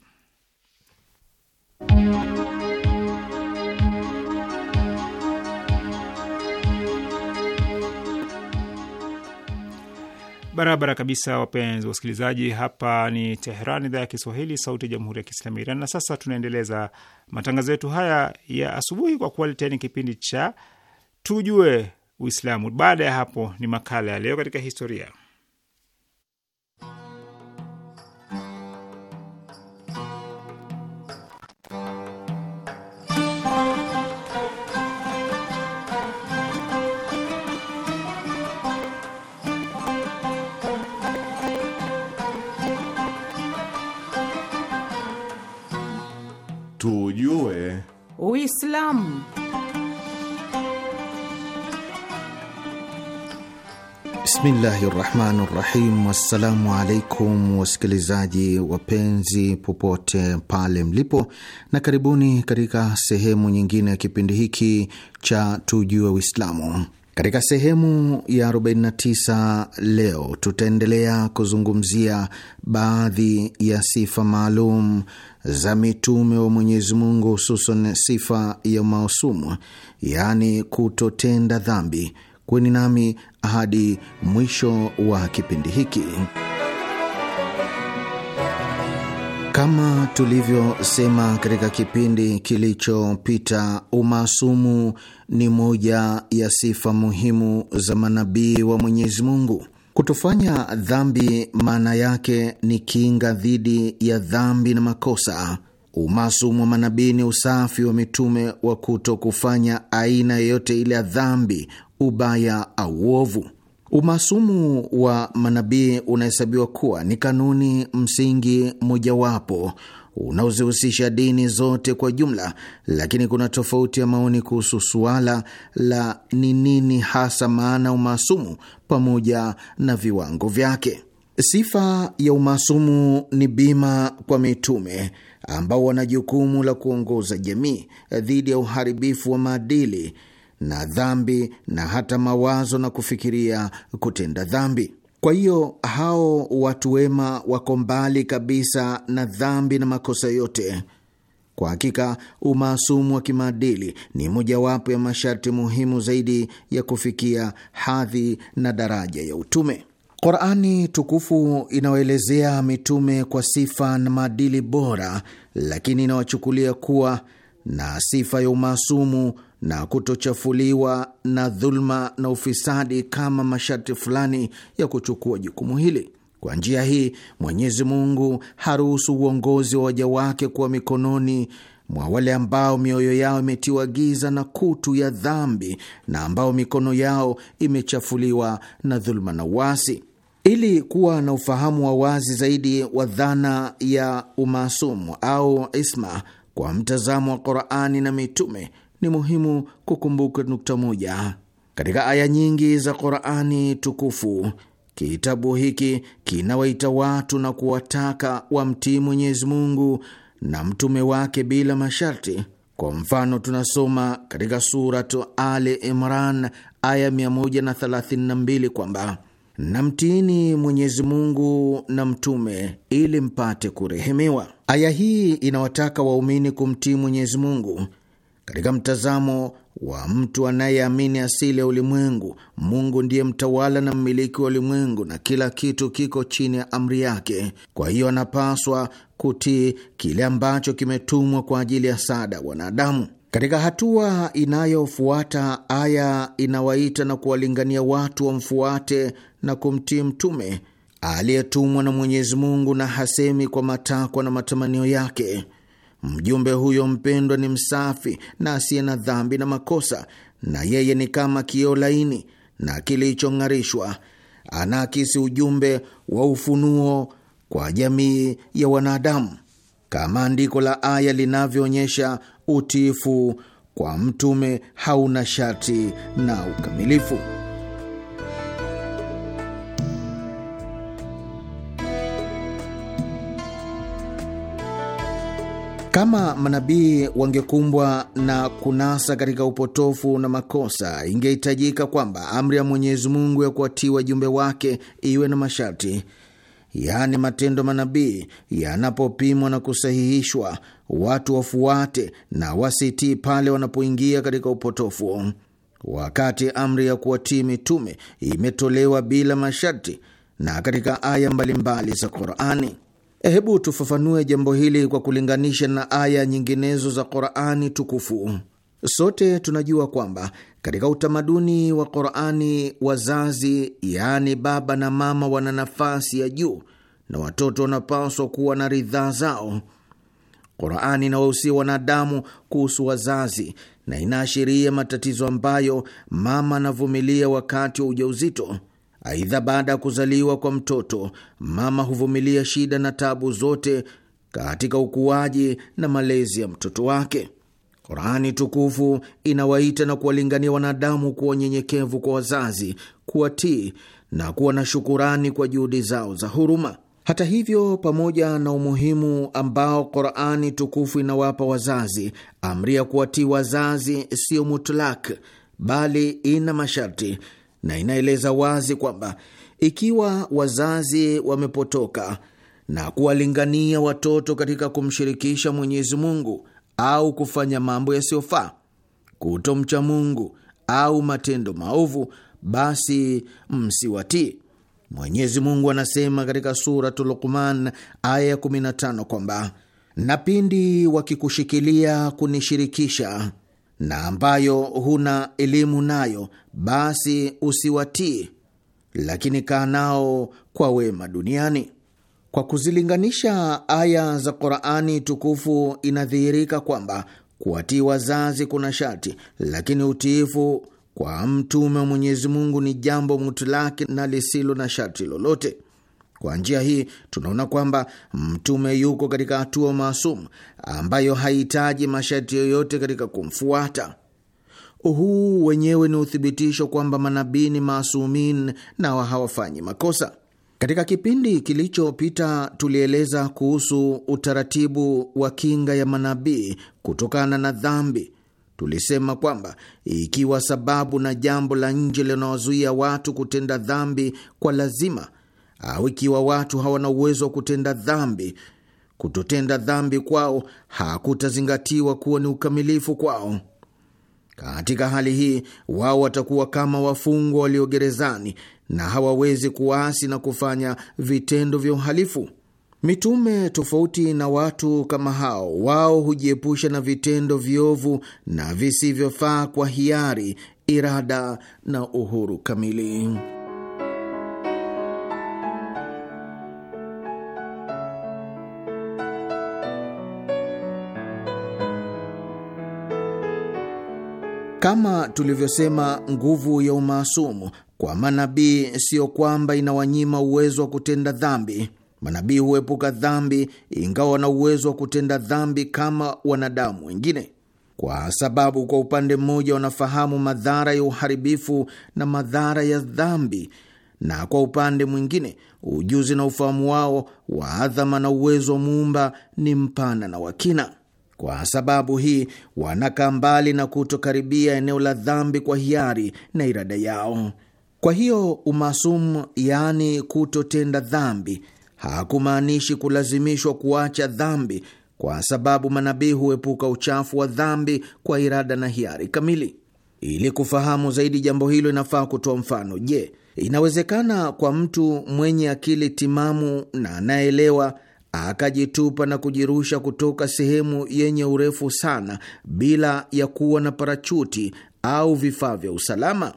Barabara kabisa, wapenzi wasikilizaji, hapa ni Teheran, idhaa ya Kiswahili, sauti ya jamhuri ya kiislamu Iran. Na sasa tunaendeleza matangazo yetu haya ya asubuhi kwa kuwaleteni kipindi cha Tujue Uislamu. Baada ya hapo ni makala ya leo katika historia. Tujue Uislamu. Bismillahi rahmani rahim. Wassalamu alaikum wasikilizaji wapenzi popote pale mlipo, na karibuni katika sehemu nyingine ya kipindi hiki cha tujue Uislamu. Katika sehemu ya 49 leo tutaendelea kuzungumzia baadhi ya sifa maalum za mitume wa Mwenyezi Mungu, hususan sifa ya mausumu, yaani kutotenda dhambi Kweni nami hadi mwisho wa kipindi hiki. Kama tulivyosema katika kipindi kilichopita, umaasumu ni moja ya sifa muhimu za manabii wa Mwenyezi Mungu. Kutofanya dhambi maana yake ni kinga dhidi ya dhambi na makosa. Umaasumu wa manabii ni usafi wa mitume wa kuto kufanya aina yoyote ile ya dhambi, ubaya au uovu. Umaasumu wa manabii unahesabiwa kuwa ni kanuni msingi mojawapo unaozihusisha dini zote kwa jumla, lakini kuna tofauti ya maoni kuhusu suala la ni nini hasa maana umaasumu pamoja na viwango vyake. Sifa ya umaasumu ni bima kwa mitume ambao wana jukumu la kuongoza jamii dhidi ya uharibifu wa maadili na dhambi na hata mawazo na kufikiria kutenda dhambi. Kwa hiyo hao watu wema wako mbali kabisa na dhambi na makosa yote. Kwa hakika umaasumu wa kimaadili ni mojawapo ya masharti muhimu zaidi ya kufikia hadhi na daraja ya utume. Qurani tukufu inawaelezea mitume kwa sifa na maadili bora, lakini inawachukulia kuwa na sifa ya umaasumu na kutochafuliwa na dhuluma na ufisadi kama masharti fulani ya kuchukua jukumu hili. Kwa njia hii, Mwenyezi Mungu haruhusu uongozi wa waja wake kuwa mikononi mwa wale ambao mioyo yao imetiwa giza na kutu ya dhambi na ambao mikono yao imechafuliwa na dhuluma na uasi. Ili kuwa na ufahamu wa wazi zaidi wa dhana ya umaasumu au isma kwa mtazamo wa Qur'ani na mitume ni muhimu kukumbuka nukta moja. Katika aya nyingi za Qurani tukufu kitabu hiki kinawaita watu na kuwataka wamtii Mwenyezi Mungu na mtume wake bila masharti. Kwa mfano, tunasoma katika Surat Ali Imran aya 132 kwamba namtiini Mwenyezi Mungu na mtume ili mpate kurehemiwa. Aya hii inawataka waumini kumtii Mwenyezi Mungu katika mtazamo wa mtu anayeamini asili ya ulimwengu, Mungu ndiye mtawala na mmiliki wa ulimwengu na kila kitu kiko chini ya amri yake. Kwa hiyo anapaswa kutii kile ambacho kimetumwa kwa ajili ya sada wanadamu. Katika hatua inayofuata, aya inawaita na kuwalingania watu wamfuate na kumtii mtume aliyetumwa na Mwenyezi Mungu, na hasemi kwa matakwa na matamanio yake Mjumbe huyo mpendwa ni msafi na asiye na dhambi na makosa, na yeye ni kama kioo laini na kilichong'arishwa. Anaakisi ujumbe wa ufunuo kwa jamii ya wanadamu, kama andiko la aya linavyoonyesha. Utiifu kwa mtume hauna sharti na ukamilifu. Kama manabii wangekumbwa na kunasa katika upotofu na makosa, ingehitajika kwamba amri ya Mwenyezi Mungu ya kuwatii wajumbe wake iwe na masharti, yaani matendo manabii yanapopimwa na kusahihishwa, watu wafuate na wasitii pale wanapoingia katika upotofu. Wakati amri ya kuwatii mitume imetolewa bila masharti na katika aya mbalimbali za Qur'ani Hebu tufafanue jambo hili kwa kulinganisha na aya nyinginezo za Qurani tukufu. Sote tunajua kwamba katika utamaduni wa Qurani wazazi, yaani baba na mama, wana nafasi ya juu na watoto wanapaswa kuwa na ridhaa zao. Qurani inawahusia wanadamu kuhusu wazazi na inaashiria matatizo ambayo mama anavumilia wakati wa ujauzito. Aidha, baada ya kuzaliwa kwa mtoto, mama huvumilia shida na tabu zote katika ukuaji na malezi ya mtoto wake. Qurani tukufu inawaita na kuwalingania wanadamu kuwa nyenyekevu kwa wazazi, kuwatii na kuwa na shukurani kwa juhudi zao za huruma. Hata hivyo, pamoja na umuhimu ambao Qurani tukufu inawapa wazazi, amri ya kuwatii wazazi siyo mutlak, bali ina masharti na inaeleza wazi kwamba ikiwa wazazi wamepotoka na kuwalingania watoto katika kumshirikisha Mwenyezi Mungu au kufanya mambo yasiyofaa, kutomcha Mungu au matendo maovu, basi msiwatii. Mwenyezi Mungu anasema katika Suratu Luqman aya ya 15 kwamba na pindi wakikushikilia kunishirikisha na ambayo huna elimu nayo, basi usiwatii, lakini kaa nao kwa wema duniani. Kwa kuzilinganisha aya za Qurani tukufu, inadhihirika kwamba kuwatii wazazi kuna sharti, lakini utiifu kwa mtume wa Mwenyezi Mungu ni jambo mutlaki na lisilo na sharti lolote. Kwa njia hii tunaona kwamba mtume yuko katika hatua maasum ambayo haihitaji masharti yoyote katika kumfuata. Huu wenyewe ni uthibitisho kwamba manabii ni maasumin na hawafanyi makosa. Katika kipindi kilichopita tulieleza kuhusu utaratibu wa kinga ya manabii kutokana na dhambi. Tulisema kwamba ikiwa sababu na jambo la nje linawazuia watu kutenda dhambi kwa lazima au ikiwa watu hawana uwezo wa kutenda dhambi, kutotenda dhambi kwao hakutazingatiwa kuwa ni ukamilifu kwao. Katika hali hii, wao watakuwa kama wafungwa walio gerezani na hawawezi kuasi na kufanya vitendo vya uhalifu. Mitume, tofauti na watu kama hao, wao hujiepusha na vitendo viovu na visivyofaa kwa hiari, irada na uhuru kamili. Kama tulivyosema, nguvu ya umaasumu kwa manabii siyo kwamba inawanyima uwezo wa kutenda dhambi. Manabii huepuka dhambi, ingawa wana uwezo wa kutenda dhambi kama wanadamu wengine, kwa sababu kwa upande mmoja wanafahamu madhara ya uharibifu na madhara ya dhambi, na kwa upande mwingine ujuzi na ufahamu wao wa adhama na uwezo wa muumba ni mpana na wakina. Kwa sababu hii wanakaa mbali na kutokaribia eneo la dhambi kwa hiari na irada yao. Kwa hiyo umaasumu, yaani kutotenda dhambi, hakumaanishi kulazimishwa kuacha dhambi, kwa sababu manabii huepuka uchafu wa dhambi kwa irada na hiari kamili. Ili kufahamu zaidi jambo hilo, inafaa kutoa mfano. Je, inawezekana kwa mtu mwenye akili timamu na anayeelewa akajitupa na kujirusha kutoka sehemu yenye urefu sana bila ya kuwa na parachuti au vifaa vya usalama?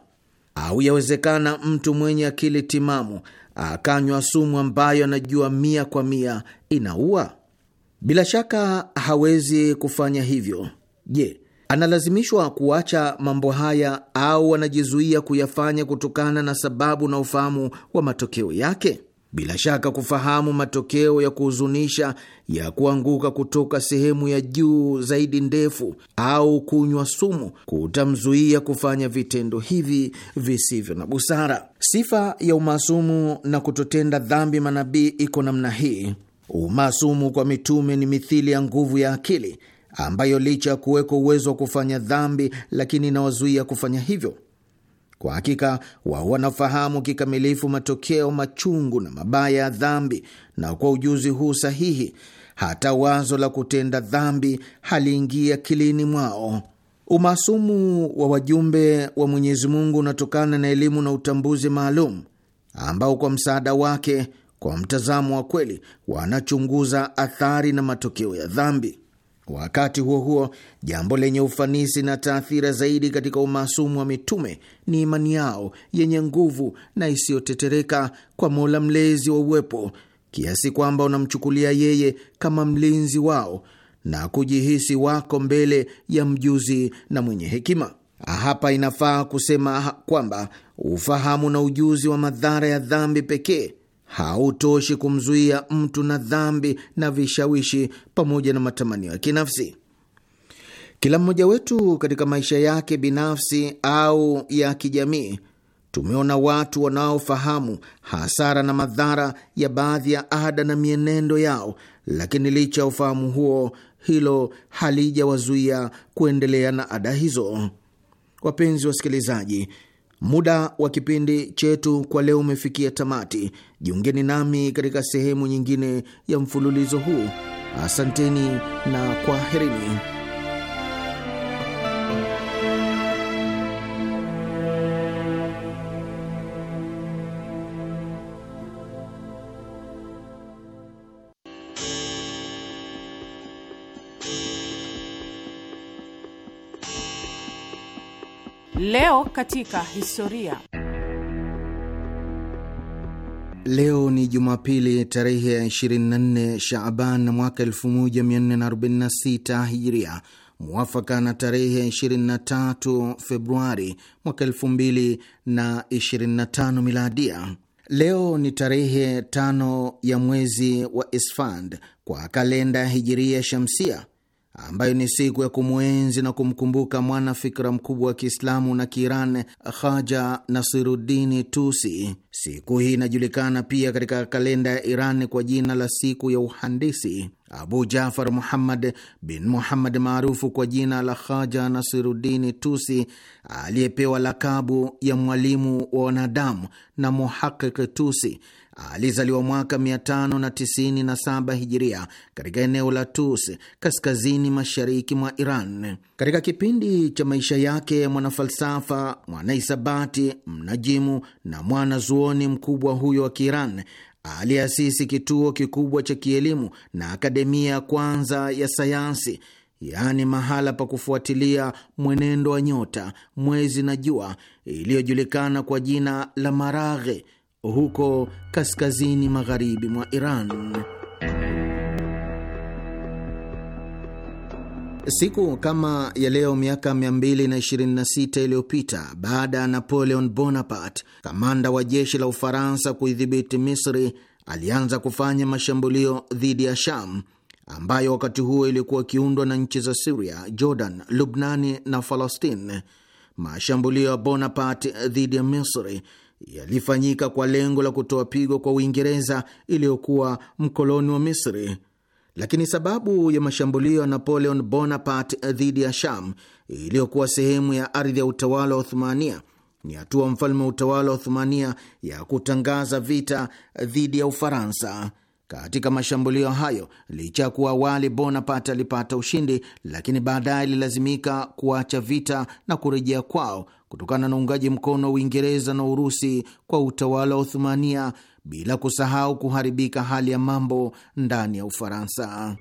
Au yawezekana mtu mwenye akili timamu akanywa sumu ambayo anajua mia kwa mia inaua? Bila shaka hawezi kufanya hivyo. Je, analazimishwa kuacha mambo haya au anajizuia kuyafanya kutokana na sababu na ufahamu wa matokeo yake? Bila shaka kufahamu matokeo ya kuhuzunisha ya kuanguka kutoka sehemu ya juu zaidi ndefu au kunywa sumu kutamzuia kufanya vitendo hivi visivyo na busara. Sifa ya umaasumu na kutotenda dhambi manabii iko namna hii. Umaasumu kwa mitume ni mithili ya nguvu ya akili ambayo licha ya kuwekwa uwezo wa kufanya dhambi, lakini inawazuia kufanya hivyo. Kwa hakika wao wanafahamu kikamilifu matokeo machungu na mabaya ya dhambi, na kwa ujuzi huu sahihi, hata wazo la kutenda dhambi haliingia kilini mwao. Umaasumu wa wajumbe wa Mwenyezi Mungu unatokana na elimu na utambuzi maalum ambao kwa msaada wake, kwa mtazamo wa kweli, wanachunguza athari na matokeo ya dhambi. Wakati huo huo, jambo lenye ufanisi na taathira zaidi katika umaasumu wa mitume ni imani yao yenye nguvu na isiyotetereka kwa Mola mlezi wa uwepo, kiasi kwamba unamchukulia yeye kama mlinzi wao na kujihisi wako mbele ya mjuzi na mwenye hekima. Hapa inafaa kusema kwamba ufahamu na ujuzi wa madhara ya dhambi pekee hautoshi kumzuia mtu na dhambi na vishawishi pamoja na matamanio ya kinafsi. Kila mmoja wetu katika maisha yake binafsi au ya kijamii tumeona watu wanaofahamu hasara na madhara ya baadhi ya ada na mienendo yao, lakini licha ya ufahamu huo, hilo halijawazuia kuendelea na ada hizo. Wapenzi wasikilizaji, Muda wa kipindi chetu kwa leo umefikia tamati. Jiungeni nami katika sehemu nyingine ya mfululizo huu. Asanteni na kwaherini. Leo katika historia. Leo ni Jumapili tarehe ya 24 Shaaban mwaka 1446 Hijiria, mwafaka na tarehe ya 23 Februari mwaka 2025 Miladia. Leo ni tarehe tano ya mwezi wa isfand kwa kalenda Hijiria Shamsia ambayo ni siku ya kumwenzi na kumkumbuka mwana fikra mkubwa wa Kiislamu na Kiiran Haja Nasirudini Tusi. Siku hii inajulikana pia katika kalenda ya Iran kwa jina la siku ya uhandisi. Abu Jafar Muhammad bin Muhammad maarufu kwa jina la Haja Nasirudini Tusi, aliyepewa lakabu ya mwalimu wa wanadamu na Muhaqiq Tusi, Alizaliwa mwaka 597 hijiria katika eneo la Tus kaskazini mashariki mwa Iran. Katika kipindi cha maisha yake, mwanafalsafa, mwanahisabati, mnajimu na mwanazuoni mkubwa huyo wa Kiiran aliasisi kituo kikubwa cha kielimu na akademia ya kwanza ya sayansi, yaani mahala pa kufuatilia mwenendo wa nyota, mwezi na jua, iliyojulikana kwa jina la Maraghe huko kaskazini magharibi mwa Iran. Siku kama ya leo miaka 226 iliyopita, baada ya Napoleon Bonaparte, kamanda wa jeshi la Ufaransa, kuidhibiti Misri, alianza kufanya mashambulio dhidi ya Sham ambayo wakati huo ilikuwa ikiundwa na nchi za Siria, Jordan, Lubnani na Falastin. Mashambulio ya Bonaparte dhidi ya Misri yalifanyika kwa lengo la kutoa pigo kwa Uingereza iliyokuwa mkoloni wa Misri, lakini sababu ya mashambulio ya Napoleon Bonaparte dhidi ya Sham iliyokuwa sehemu ya ardhi ya utawala wa Uthmania ni hatua mfalme wa utawala wa Uthmania ya kutangaza vita dhidi ya Ufaransa katika mashambulio hayo. Licha ya kuwa awali Bonaparte alipata ushindi, lakini baadaye alilazimika kuacha vita na kurejea kwao kutokana na uungaji mkono wa Uingereza na Urusi kwa utawala wa Uthumania, bila kusahau kuharibika hali ya mambo ndani ya Ufaransa.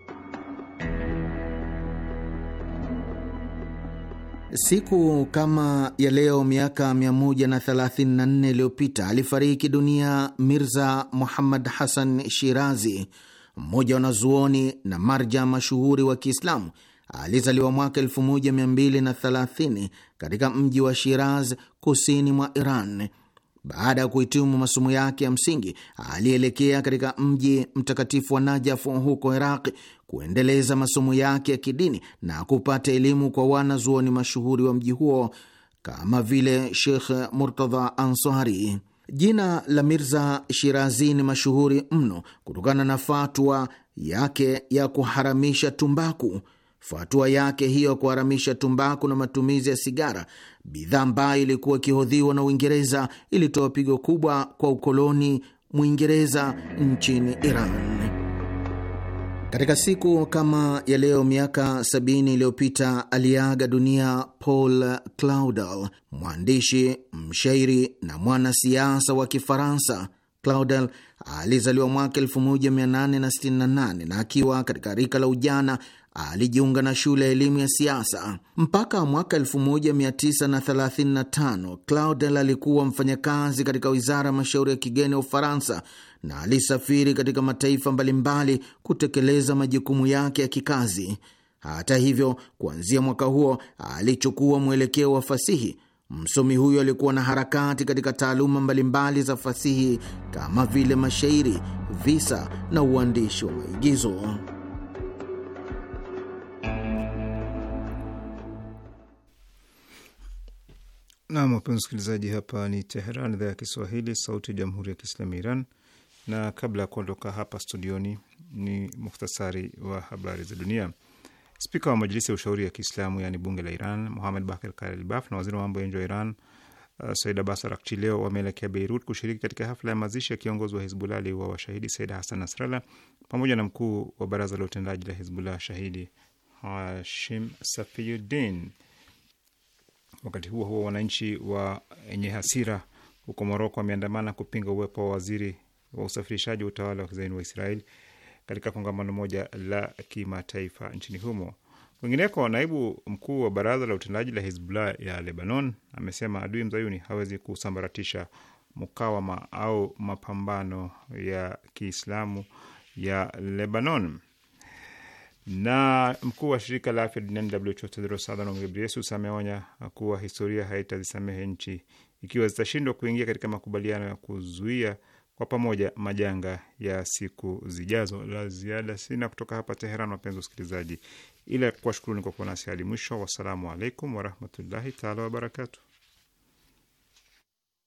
Siku kama ya leo miaka 134 iliyopita alifariki dunia Mirza Muhammad Hassan Shirazi, mmoja wa wanazuoni na marja mashuhuri wa Kiislamu. Alizaliwa mwaka 1230 katika mji wa Shiraz, kusini mwa Iran. Baada ya kuhitimu masomo yake ya msingi, alielekea katika mji mtakatifu wa najafu huko Iraq kuendeleza masomo yake ya kidini na kupata elimu kwa wanazuoni mashuhuri wa mji huo kama vile Shekh Murtadha Ansari. Jina la Mirza Shirazi ni mashuhuri mno kutokana na fatwa yake ya kuharamisha tumbaku. Fatua yake hiyo kuharamisha tumbaku na matumizi ya sigara, bidhaa ambayo ilikuwa ikihodhiwa na Uingereza, ilitoa pigo kubwa kwa ukoloni Mwingereza nchini Iran. Katika siku kama ya leo miaka 70 iliyopita aliaga dunia Paul Claudel, mwandishi, mshairi na mwanasiasa wa Kifaransa. Claudel alizaliwa mwaka 1868 na akiwa katika rika la ujana alijiunga na shule ya elimu ya siasa mpaka mwaka 1935. Claudel alikuwa mfanyakazi katika wizara ya mashauri ya kigeni ya Ufaransa na alisafiri katika mataifa mbalimbali kutekeleza majukumu yake ya kikazi. Hata hivyo, kuanzia mwaka huo alichukua mwelekeo wa fasihi. Msomi huyo alikuwa na harakati katika taaluma mbalimbali za fasihi kama vile mashairi, visa na uandishi wa maigizo. Nam, wapenzi msikilizaji, hapa ni Teheran, idhaa ya Kiswahili, sauti ya jamhuri ya kiislamu ya Iran na kabla ya kuondoka hapa studioni ni muhtasari wa habari za dunia. Spika wa Majlisi ya Ushauri ya Kiislamu, yaani bunge la Iran, Muhamed Bakir Kalibaf na waziri wa mambo ya nje wa Iran uh, Said Abbas Arakchi leo wameelekea Beirut kushiriki katika hafla ya mazishi ya kiongozi wa Hizbullah aliwa washahidi Said Hassan Nasrallah pamoja na mkuu wa baraza la utendaji la Hizbullah shahidi Hashim Safiuddin. Wakati huo huo, wananchi enye hasira huko Moroko wameandamana kupinga uwepo wa waziri wa usafirishaji wa utawala wa kizaini wa Israeli katika kongamano moja la kimataifa nchini humo. Kwingineko, naibu mkuu wa baraza la utendaji la Hizbullah ya Lebanon amesema adui mzayuni hawezi kusambaratisha mukawama au mapambano ya Kiislamu ya Lebanon. Na mkuu wa shirika la afya duniani WHO Tedros Adhanom Ghebreyesus ameonya kuwa historia haitazisamehe nchi ikiwa zitashindwa kuingia katika makubaliano ya kuzuia kwa pamoja majanga ya siku zijazo. La ziada sina kutoka hapa Teheran, wapenzi wasikilizaji, ila kuwashukuruni kwa kuwa nasi hadi mwisho. Wassalamu alaikum warahmatullahi taala wabarakatu.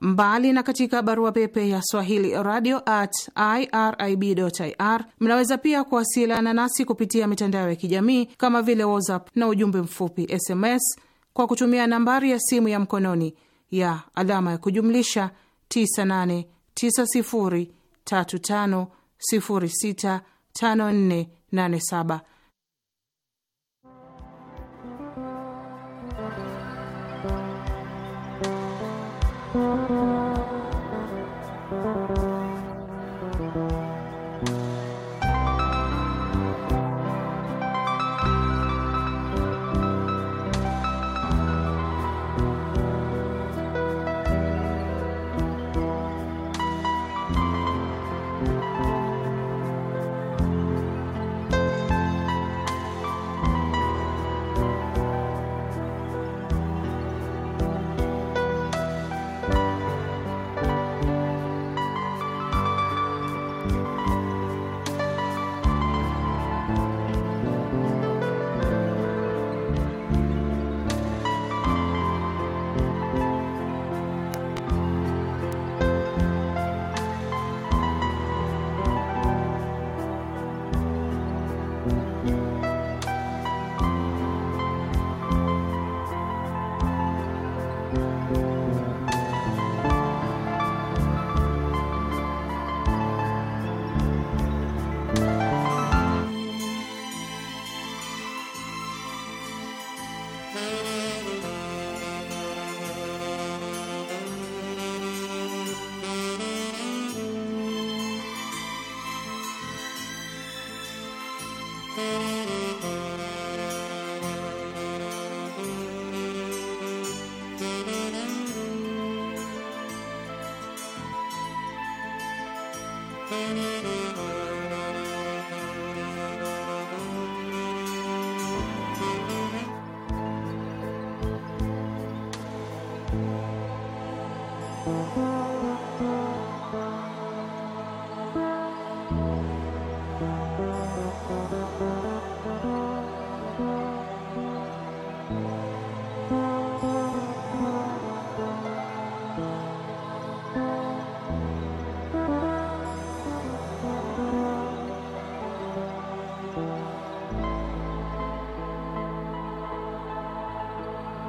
Mbali na katika barua pepe ya Swahili radio at irib ir, mnaweza pia kuwasiliana nasi kupitia mitandao ya kijamii kama vile WhatsApp na ujumbe mfupi SMS kwa kutumia nambari ya simu ya mkononi ya alama ya kujumlisha 989035065487.